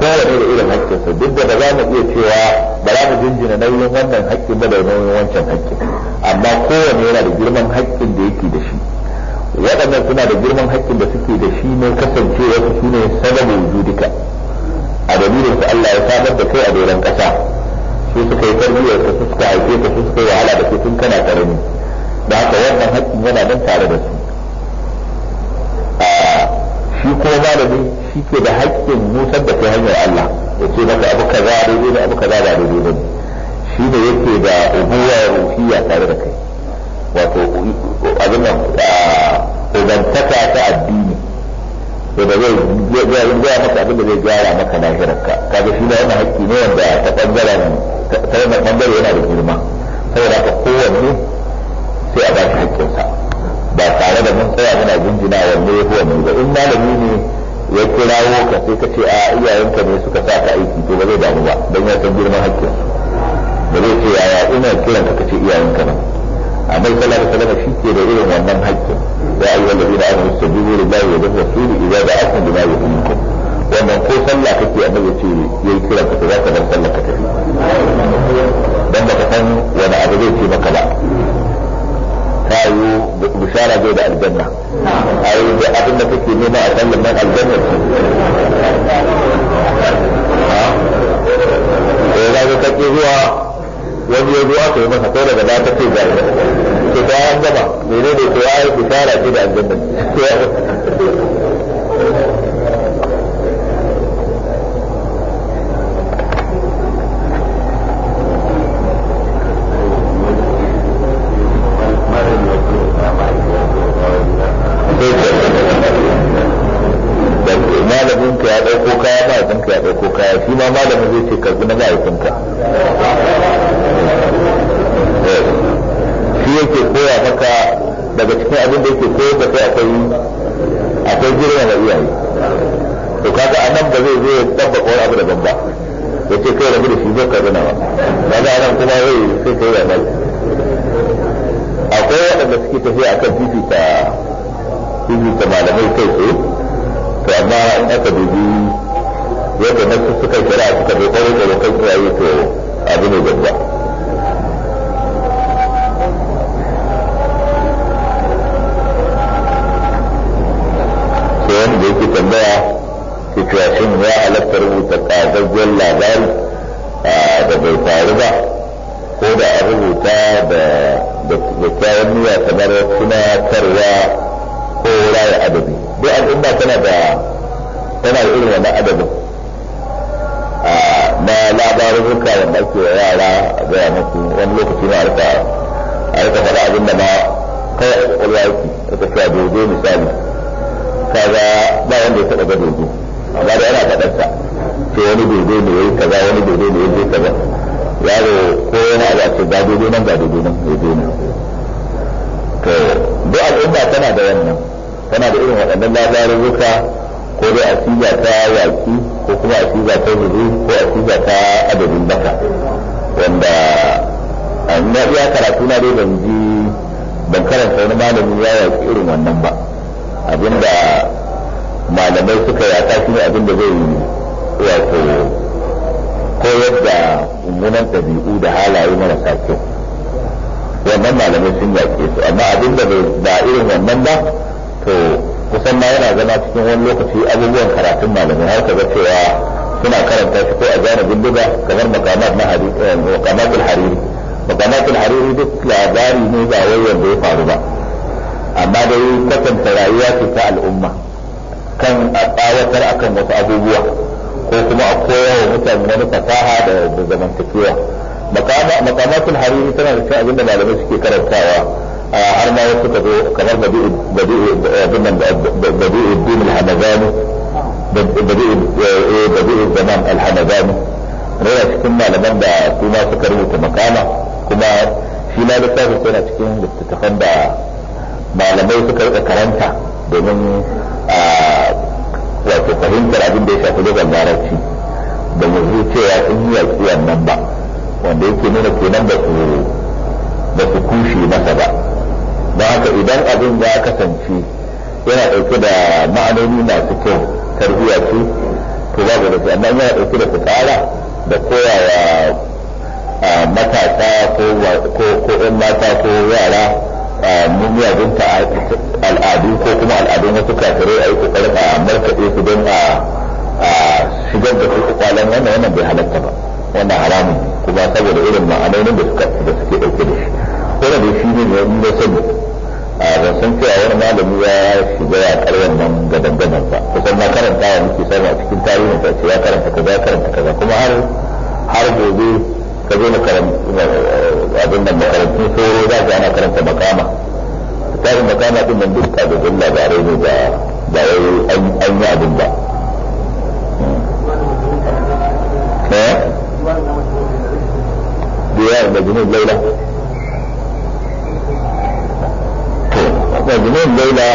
Speaker 2: kowane da irin haƙƙinsa duk da ba za mu iya cewa ba za mu jinjina nauyin wannan haƙƙin ba da nauyin wancan haƙƙin amma kowane yana da girman haƙƙin da yake da shi waɗannan suna da girman haƙƙin da suke da shi ne kasancewa su shine sababin wujudika a dalilin su Allah ya samar da kai a doron ƙasa su suka yi tarbiyyar su suka haife ka su suka yi wahala da su tun kana karami da haka wannan haƙƙin yana nan tare da su ah, shi ko malami shi ke da haƙƙin musar da ta hanyar Allah ya ce maka abu kaza daidai da abu kaza ba daidai ba shi ne yake da ubuwa ruhiyya tare da kai wato abin nan ubantaka ta addini da zai gaya maka abin da zai gyara maka lahirarka kaga shi ne yana haƙƙi ne wanda ta ɓangaren ta ɓangare yana da girma saboda haka kowanne sai a ba shi haƙƙinsa ba tare da mun tsaya muna jinjina wa ne ko mai ba in malami ne ya kirawo ka sai ka ce a iyayenka ne suka sa ka aiki to ba zai damu ba don ya san girman hakkin ba zai ce yaya ina kiran ka kace iyayenka ne amma sallallahu alaihi wasallam shi ke da irin wannan hakkin ya ayyuhal ladina amanu istajibu lillahi wa rasuli idza da'akum lima yuhyikum wannan ko sallah kake amma ya ce yayi kiran ka za ka dan sallah ka tafi dan baka san wani abu zai ce maka ba kayo bishara zai da aljanna a yi da abin da kake nema a kan nan aljanna ce ya zai eh, kake zuwa wani ya zuwa ka yi masa ko daga za ta ce aljanna ce ta an gaba mene ne ko ya yi bishara ce da aljanna aka fifita fifita malamai kai tsaye to amma in aka dubi yadda na suka kira suka bai kwarai da kan to abu ne babba sai da yake tambaya ke cewa shin ya halatta rubuta ƙazaggen labari da bai faru ba ko da a rubuta da da kyawun niyya kamar karwa ko raya adabi duk al'umma tana da tana da irin wannan adabin na labarin labarurruka wanda ake wa yara a gaya musu wani lokaci na harka a harka faɗa abin da ma kai a ƙwaƙwalwa yake aka cewa dodo misali kaga ba wanda ya taɓa ga dodo amma da yana faɗarsa to wani dodo ne ya yi kaza wani dodo ne ya yi kaza yaro ko yana da a ce ga dubu nan ga dubu nan daidai nan to duk al'umma tana da wannan tana da irin waɗannan ruka ko dai asiba ta yaki ko kuma asiba ta zuru ko asiba ta adabin baka wanda eh, na iya karatu na dai ban ji ban karanta wani malami ya yaki irin wannan ba abinda malamai suka yaka shi ne abinda zai yi wato koyar da mummunan ɗabi'u da halaye marasa kyau wannan malamai sun yaƙe su amma abin da ba irin wannan ba to kusan ma yana zama cikin wani lokaci abubuwan karatun malamai har kaga cewa suna karanta shi ko a zana bindiga kamar makamat na makamatul hariri makamatul hariri duk labari ne ba wai wanda ya faru ba amma dai kwatanta rayuwa ce ta al'umma kan a tsawatar akan wasu abubuwa ko kuma a koya wa mutane wani fasaha da zamantakewa makamatul hariri tana da cikin abinda malamai suke karantawa a har ma wasu ka zo kamar badi'i din al-hamadani zaman al-hamadani cikin malaman da kuma suka rubuta makama kuma shi ma littafin yana cikin littattafan da malamai suka rika karanta domin wato fahimtar abin da ya shafi lugar larabci da mu ce cewa sun yi yaƙi nan ba wanda yake nuna kenan ba su su kushe masa ba don haka idan abin ya kasance yana ɗauke da ma'anoni masu kyau tarbiyya ce to ba ga dafi amma yana ɗauke da fitsara da koyawa matasa ko ko mata ko yara ta al'adu ko kuma al'adun wasu kafirai a yi kokarin a markaɗe su don a shigar da su kwalan wannan wannan bai halatta ba wannan haramun kuma saboda irin ma'anonin da suka da suke ɗauke da shi wannan dai shi ne da na sani a ban cewa wani malami ya shiga ya karyar nan ga danganan ba kusan na karanta wa muke samu a cikin tarihin ta ce ya karanta kaza ya karanta kaza kuma har har gobe ka zo abin nan makarantu sauro za ka ana karanta makama tarin makama din nan ne ba an yi abin ba eh? da junub laila da laila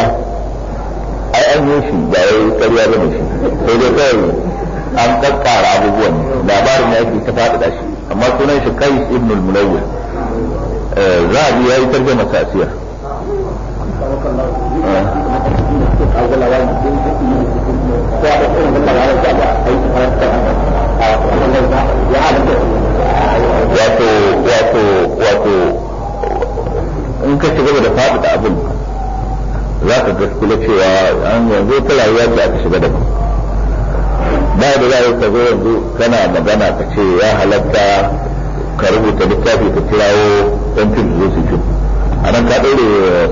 Speaker 2: ai an yi shi ba yi ƙarya ba ne shi sai dai kawai an kakkara abubuwan labarin ne yake ta faɗi shi amma sunan shi kai ibn al-mulawwil eh, zabi yayi tarjuma tasiyar wato wato wato in ka shiga da faɗaɗa abin za ka gaskula cewa an yanzu ta rayuwa da aka shiga da ba da za ka zo yanzu kana magana ka ce ya halatta ka rubuta littafi ka kirawo ɗan fim zo su fim a nan ka ɗaure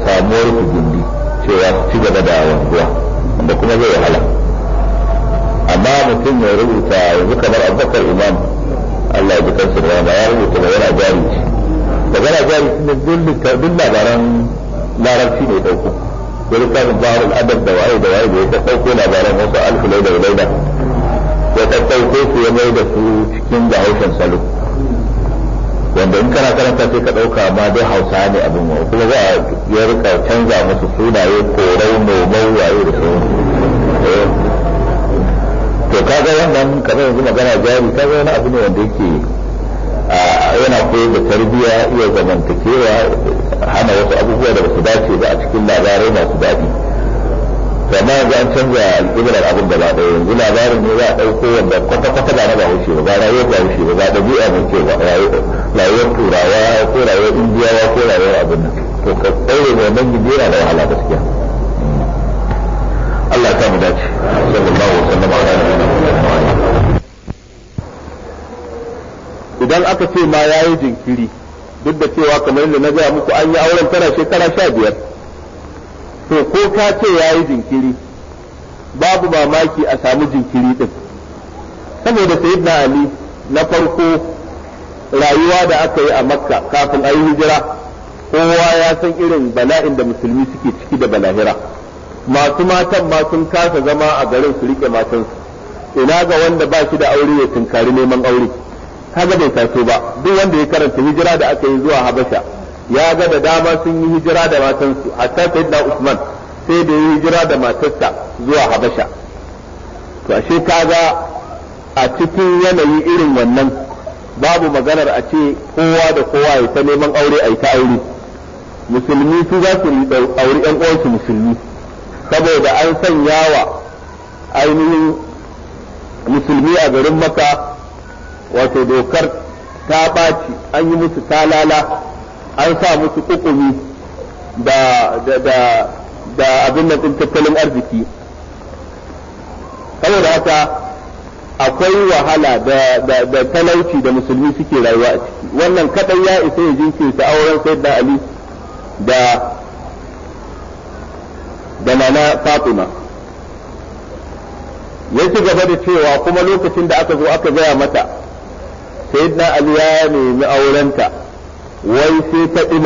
Speaker 2: samuwar ku gindi cewa su ci gaba da wanzuwa wanda kuma zai wahala amma mutum ya rubuta yanzu kamar abubakar imam Allah ya bukar su rama ya rubuta magana jari ce magana jari ce ne duk labaran larabci ne ɗauko wani kamun bahar al'adar da waye da waye da ya ɗauko labaran wasu alfilai da laida ya ko su ya mai da su cikin bahaushen salo wanda in kana karanta sai ka ɗauka ma dai hausa ne abin wa kuma za a ya rika canza musu sunaye korai nomau waye da sauran to kaga wannan kamar yanzu magana jari kaga wani abu ne wanda yake yana koyar da tarbiyya iya zamantakewa hana wasu abubuwa da ba su dace ba a cikin labarai masu daɗi amma an canza alƙiblar abin da ba ɗaya yanzu labarin ne za a ɗauko wanda kwata-kwata ba na ba wuce ba rayuwar ba wuce ba ɗabi'a ba
Speaker 1: rayuwar turawa ko rayuwar indiyawa ko rayuwar abin nan to ka tsaye mai da wahala
Speaker 2: gaskiya Allah ta mu dace sallallahu alaihi wasallam idan aka ce ma yayi jinkiri duk da cewa kamar yadda na gaya muku an yi auren tana shekara sha biyar to ko ka ce ya yi jinkiri babu mamaki a samu jinkiri ɗin saboda sayyidina ali na farko rayuwa da aka yi a makka kafin a yi hijira kowa ya san irin bala'in da musulmi suke ciki da balahira masu matan ma sun kasa zama a garin su rike matansu ina ga wanda ba shi da aure ya tunkari neman aure kaga bai taso ba duk wanda ya karanta hijira da aka yi zuwa habasha ya ga da dama sun yi hijira da matansu hatta da Usman sai da yi hijira da matarsa zuwa Habasha to ashe kaga a cikin yanayi irin wannan babu maganar a ce kowa da kowa ya ta neman aure a yi ta aure musulmi su za su auri yan uwansu musulmi saboda an sanya wa ainihin musulmi a garin maka wato dokar ta ɓaci an yi musu talala an sa musu kukumi da da da da abin da tattalin arziki saboda haka akwai wahala da da da talauci da musulmi suke rayuwa a ciki wannan kadan ya isa ya jinkirta auren sayyidina ali da da nana fatima ya ci gaba da cewa kuma lokacin da aka zo aka gaya mata sayyidina ali ya nemi aurenta wai sai ta ce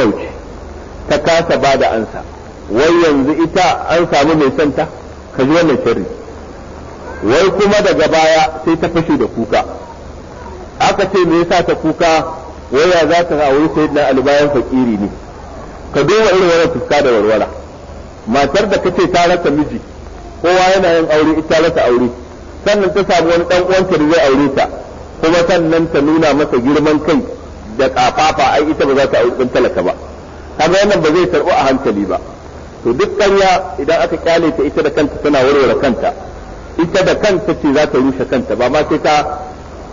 Speaker 2: ta kasa ba da ansa wai yanzu ita an samu mai santa ka ji wannan sharri wai kuma daga baya sai ta fashe da kuka aka ce me yasa ta kuka wai ya za ta aure sai ali bayan fakiri ne ka duba irin wannan fuska da warwara matar da kace ta rasa miji kowa yana yin aure ita rasa aure sannan ta samu wani dan uwanta da zai aure ta kuma sannan ta nuna masa girman kai da kafafa ai ita ba za ta auri talaka ba kaga wannan ba zai tarbu a hankali ba to duk ƙarya idan aka kyale ta ita da kanta tana warware kanta ita da kanta ce za ta rushe kanta ba ma sai ta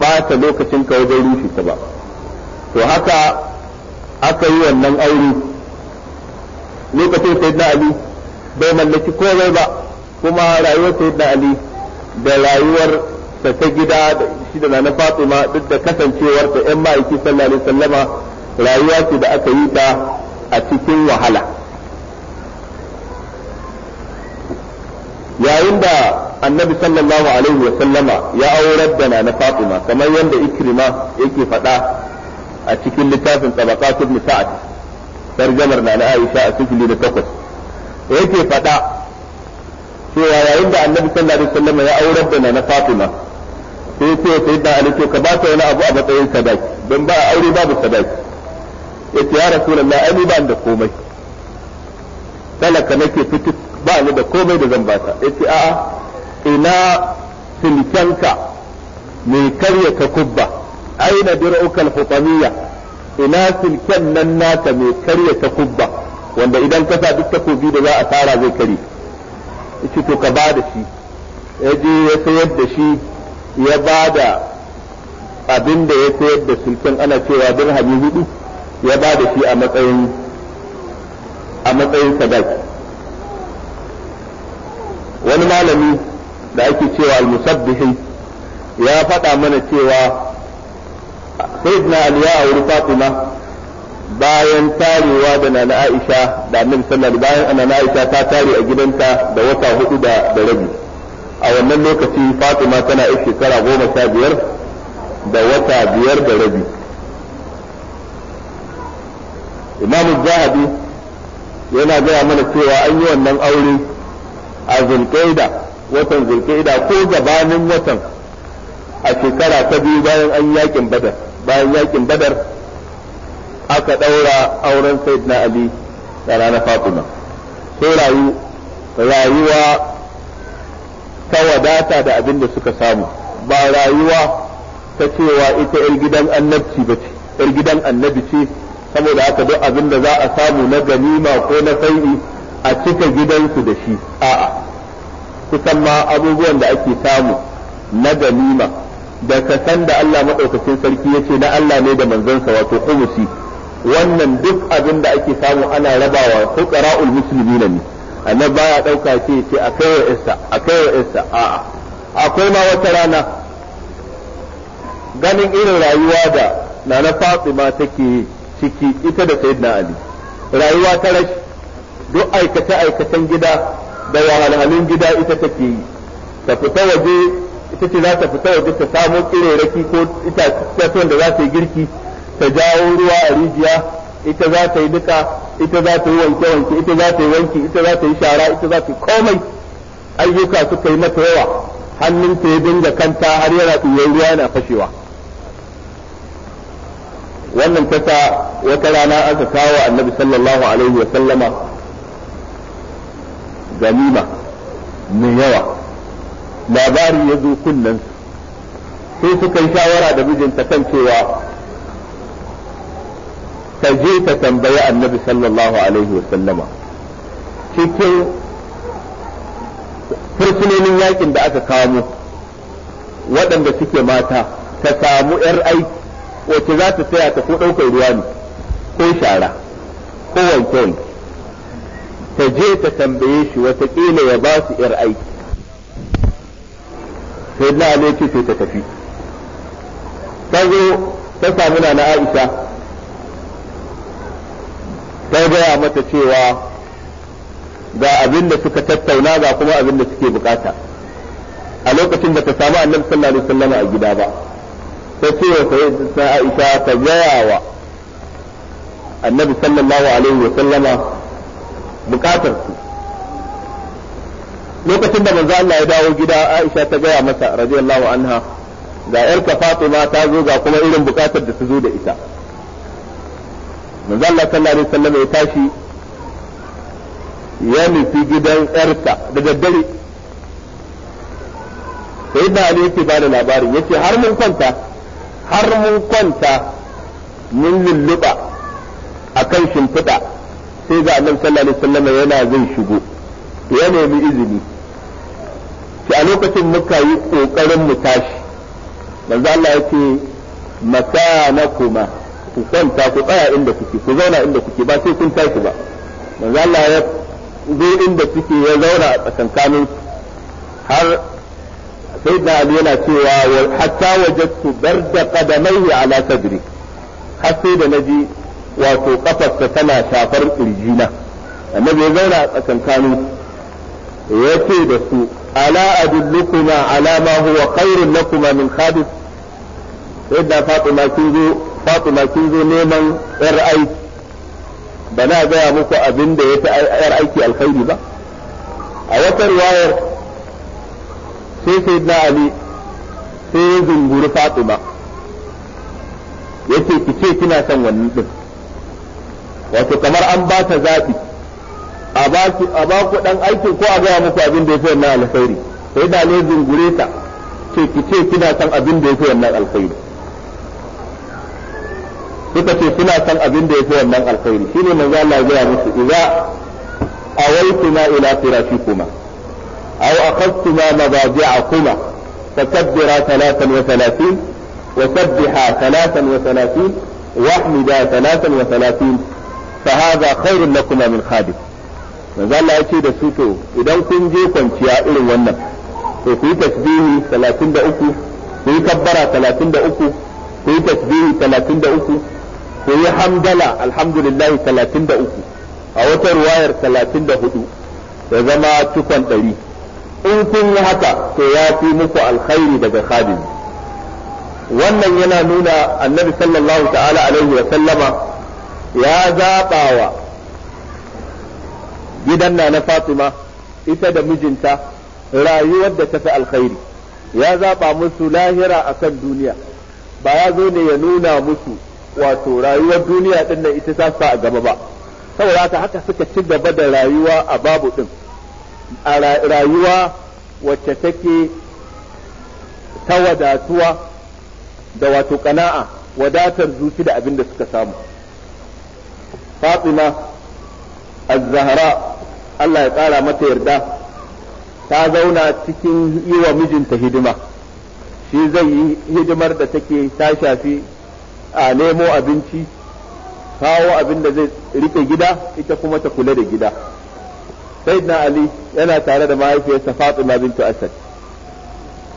Speaker 2: bata lokacin ka wajen rushe ta ba to haka aka yi wannan aure lokacin sayyidina ali bai mallaki komai ba kuma rayuwar sayyidina ali da rayuwar da gida da shi da na Fatima duk da kasancewar da ƴan ma'aiki sallallahu alaihi wasallama rayuwa ce da aka yi ta a cikin wahala yayin da annabi sallallahu alaihi wasallama ya aurar da na Fatima kamar yadda ikrima yake faɗa a cikin littafin tabaqat ibn sa'ad tarjamar na Aisha a cikin da takwas yake faɗa cewa yayin da annabi sallallahu alaihi wasallama ya aurar da na Fatima sai ce sai da ali to ka ba ta wani abu a matsayin sadaki don ba a aure babu sadaki ya yace ya rasulullahi ai ba ni da komai talaka nake fitu ba ni da komai da zan bata yace a'a ina silkenka mai karya ta kubba aina dir'ukal hutaniya ina silken nan naka mai karya ta kubba wanda idan ka sa duk takobi da za a fara zai kare yace to ka ba da shi ya je ya sayar da shi ya ba da abin da ya sayar da sulkin ana cewa dirhami hudu ya ba da shi a matsayin a sadaki wani malami da ake cewa al-musabbihi ya faɗa mana cewa sayyidina ali ya auri fatima bayan tarewa da nana aisha da amin sallallahu bayan nana aisha ta tare a gidanta da wata hudu da rabi a wannan lokaci fatima tana yi shekara goma sha biyar da wata biyar da rabi imamu zahabi yana gaya mana cewa an yi wannan aure a zulkaida watan zulkaida ko gabanin watan a shekara ta biyu bayan an yakin badar bayan yakin badar aka ɗaura auren sayyidina ali da rana fatima sai rayu rayuwa ta wadata da abin da suka samu ba rayuwa ta cewa ita 'yar gidan annabci ba ce 'yar gidan annabi ce saboda haka duk abin da za a samu na ganima ko na sai'i a cika gidansu da shi a'a kusan ma abubuwan da ake samu na ganima da kasan da Allah maɗaukacin sarki ya ce na Allah ne da manzansa wato kumusi wannan duk abin da ake samu ana rabawa musulmi na ne annabi baya dauka ce ce a kai wa isa a kai wa isa a'a akwai ma wata rana ganin irin rayuwa da nana fatima take ciki ita da sayyidina ali rayuwa ta rashi duk aikace aikacen gida da wahalhalun gida ita take yi ta fita waje ita ce za ta fita waje ta samo tsirarraki ko ta da za ta yi girki ta jawo ruwa a rijiya ita za ta yi duka ita za ta yi wanke wanke ita za ta yi wanki ita za ta yi shara ita za ta yi komai ayyuka suka yi mata yawa hannun ta ya dinga kanta har yana ɗuyar ruwa yana fashewa wannan tasa wata rana aka kawo annabi sallallahu alaihi wa sallama ganima mai yawa labari ya zo kunnan sai suka yi shawara da mijinta kan cewa ka je ka tambayi annabi sallallahu alaihi wa sallama cikin fursunonin yakin da aka kamo waɗanda suke mata ka samu 'yar aiki wacce za ta taya ta ko ɗaukar ruwa ne ko shara ko wanke ta je ta tambaye shi watakila ya ba su 'yar aiki sai na ce ta tafi ta zo ta samu na na aisha ta gaya mata cewa ga abin da suka tattauna ga kuma abin da suke bukata a lokacin da ta samu annabi sallallahu alaihi wasallam a gida ba ta ce wa sayyidina Aisha ta gaya wa annabi sallallahu alaihi wasallam bukatar su lokacin da manzo Allah ya dawo gida Aisha ta gaya masa radiyallahu anha ga yarka Fatima ta zo ga kuma irin bukatar da ta zo da ita manzo Allah sallallahu alaihi wasallam ya tashi ya nufi gidan ƴarsa da daddare sai da Ali yake bada labari yace har mun kwanta har mun kwanta mun lulluba akan shimfiɗa sai ga annabi sallallahu alaihi wasallam yana zai shigo ya nemi izini ki a lokacin muka yi kokarin mu tashi manzo Allah yake na kuma ku kwanta ku tsaya inda kuke ku zauna inda kuke ba sai kun tashi ba manzo Allah ya zo inda kuke ya zauna a tsakankanin har sai da Ali yana cewa hatta wajadtu barda qadamaihi ala sadri har sai da naji wato kafarsa tana shafar kirjina annabi ya zauna a tsakankanin ya ce da su ala adullukuma ala ma huwa khairun lakuma min sai da fatima kin zo fatima kin zo neman yar aiki ba na gaya muku abin da ya fi yar aiki alkhairi ba a wata riwayar sai sai na ali sai ya zunguri fatima yake ki ce kina son wannan din wato kamar an ba ta zaɓi a ba ku ɗan aikin ko a gaya muku abin da ya fi wannan alkhairi sai da ne zungure ta ce ki ce kina son abin da ya fi wannan alkhairi suka ce suna san abin da yafi wannan alkhairi shi ne manzo Allah ya gaya musu idza awaytuma ila firashikuma aw aqadtuma mabaji'akuma fakabbira 33 وثلاثين وسبحا ثلاثا وثلاثين واحمدا ثلاثا وثلاثين فهذا خير لكما من خادم manzo Allah ya ce da su to idan kun je kwanciya irin wannan to ku yi tasbihi 33 ku yi kabbara 33 ku yi tasbihi 33 ku yi hamdala alhamdulillahi uku a wata ruwayar hudu ya zama cikon ɗari in kun yi haka to ya fi muku alkhairi daga khadimi wannan yana nuna annabi sallallahu ta'ala alaihi wa sallama ya zaɓawa gidan na na fatima ita da mijinta rayuwar da ta fi alkhairi ya zaɓa musu lahira akan duniya ba ya zo ne ya nuna musu wato rayuwar duniya din nan ita za a gaba ba saboda haka haka suka ci gaba da rayuwa a babu din a rayuwa wacce take ta wadatuwa da wato kana'a wadatar zuci da abin da suka samu fatima az-zahra Allah ya tsara mata yarda ta zauna cikin yi wa mijinta hidima shi zai yi hidimar da take ta shafi a nemo abinci kawo abin da zai rike gida ita kuma ta kula da gida na ali yana tare da mahaifiyarsa fatima bintu asad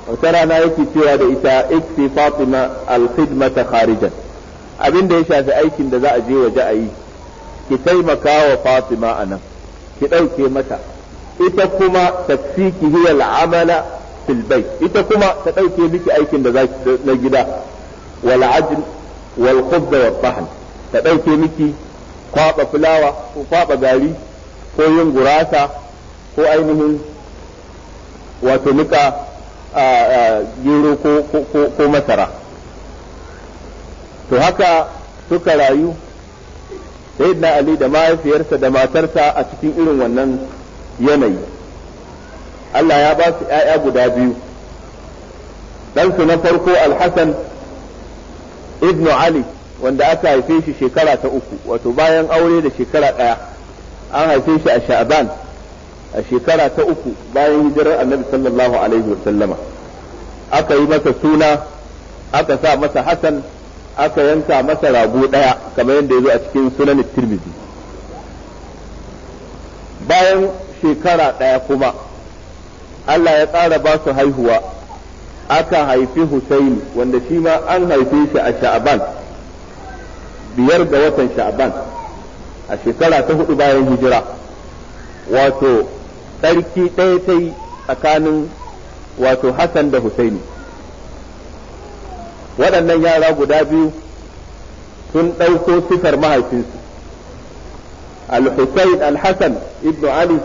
Speaker 2: wata rana yake cewa da ita ikfi fatima alkhidmata kharijan abin da ya shafi aikin da za a je waje a yi ki taimaka wa fatima a nan ki ɗauke mata ita kuma ki hiya al'amala fil ita kuma ta ɗauke miki aikin da za ki na gida wal ajl wal khubza wat tahn ta dauke miki kwaba fulawa ko kwaba gari ko yin gurasa ko ainihin wato a gero ko masara to haka suka rayu sayyidina ali da mahaifiyarsa da matarsa a cikin irin wannan yanayi Allah ya ba su ‘ya'ya guda biyu ɗansu na farko alhassan ibnu ali wanda aka haife shi shekara ta uku wato bayan aure da shekara ɗaya an haife shi a sha'ban a shekara ta uku bayan hijirar annabi sallallahu alaihi wa sallama aka yi masa suna aka sa masa hasan aka yanka masa rago ɗaya kamar yadda ya zo a cikin sunan tirmidhi bayan shekara ɗaya kuma Allah ya tsara ba su haihuwa aka haifi Husaini wanda shi ma an haife shi a sha'aban biyar ga watan sha'aban a shekara ta hudu bayan hijira wato tsarki ɗaya ta yi tsakanin wato Hassan da Husaini waɗannan yara guda biyu sun ɗauko sifar mahaifinsu al-Husayn al-Hassan ibnu Ali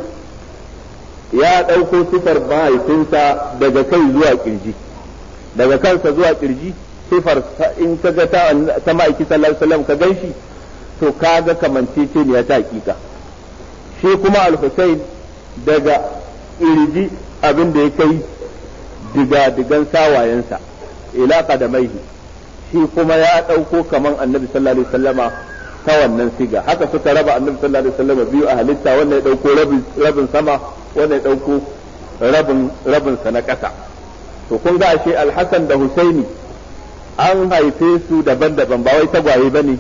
Speaker 2: ya ɗauko sifar mahaifinsa daga kai zuwa ƙirji. daga kansa zuwa kirji sifar in ka ga ta ma'aiki sallallahu alaihi wasallam ka ganshi to ka ga ya ta hakika shi kuma al-Husayn daga kirji abin da ya kai diga digan sawayensa ila qadamaihi shi kuma ya dauko kaman annabi sallallahu alaihi wasallama ta wannan siga haka suka raba annabi sallallahu alaihi wasallama biyu a halitta wannan ya dauko rabin sama wannan ya dauko rabin rabin sa na kasa to kun ga ashe alhassan da husaini an haife su daban-daban ba wai tagwaye ba ne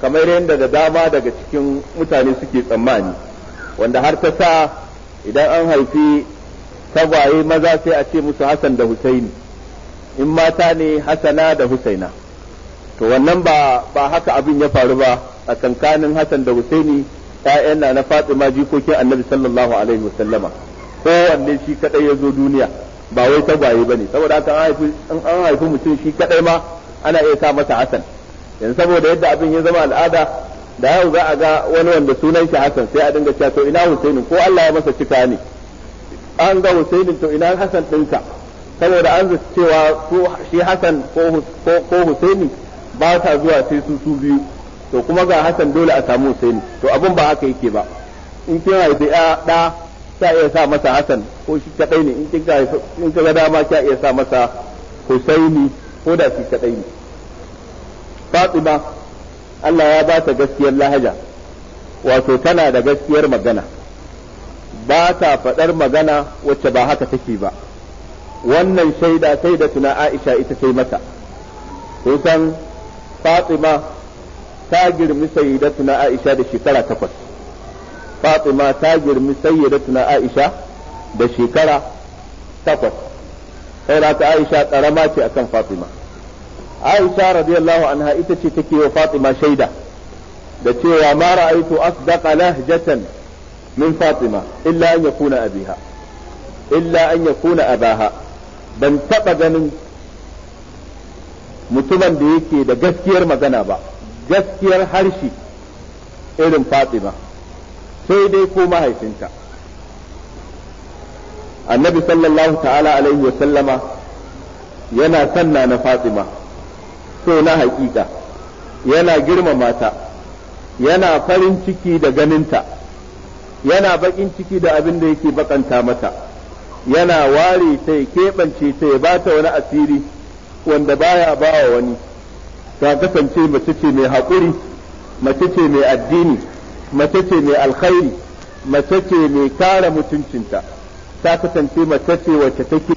Speaker 2: kamar yadda da dama daga cikin mutane suke tsammani wanda har ta sa idan an haifi tagwaye maza sai a ce musu hassan da husaini in mata ne hasana da husaina to wannan ba ba haka abin ya faru ba a kankanin hassan da husaini ‘ya'yan na na fatima jikokin annabi sallallahu alaihi wasallama kowanne shi kaɗai ya zo duniya ba wai tagwaye bane saboda haka an haifi in an haifi mutum shi kadai ma ana iya sa masa hasan yanzu saboda yadda abin ya zama al'ada da yau za a ga wani wanda sunan shi hasan sai a dinga cewa to ina husainin ko Allah ya masa cika ne an ga husainin to ina hasan dinka saboda an zai cewa ko shi hasan ko husaini ba ta zuwa sai su su biyu to kuma ga hasan dole a samu husaini to abin ba haka yake ba in kin haifi ɗa kya iya sa masa Hassan ko shi kadai ne in kinka in ka dama kya iya sa masa husaini ko da shi kadai ne fatima Allah ya ba ta gaskiyar lahaja wato tana da gaskiyar magana ba ta faɗar magana wacce ba haka take ba wannan shaida sai da tuna aisha ita sai mata kusan san fatima ta girmi sayyidatuna aisha da shekara takwas fatima ta girmi sayyidatuna aisha da shekara takwas sai aisha ƙarama ce akan fatima aisha radiyallahu anha ita ce take wa fatima shaida da cewa mara ra'aitu asdaqa lahjatan min fatima illa an yakuna abiha illa an abaha ban taba ganin mutumin da yake da gaskiyar magana ba gaskiyar harshe irin fatima sai dai ko mahaifinta annabi sallallahu ta'ala alaihi wa sallama yana san na fatima so na hakika yana girmama ta yana farin ciki da ganinta yana bakin ciki da abin da yake bakanta mata yana ware ta ya keɓance ta ya bata wani asiri wanda baya bawa wani ta kasance mace ce mai haƙuri mace ce mai addini mace ce mai alkhairi mace ce mai kare mutuncinta ta kasance mace ce wacce take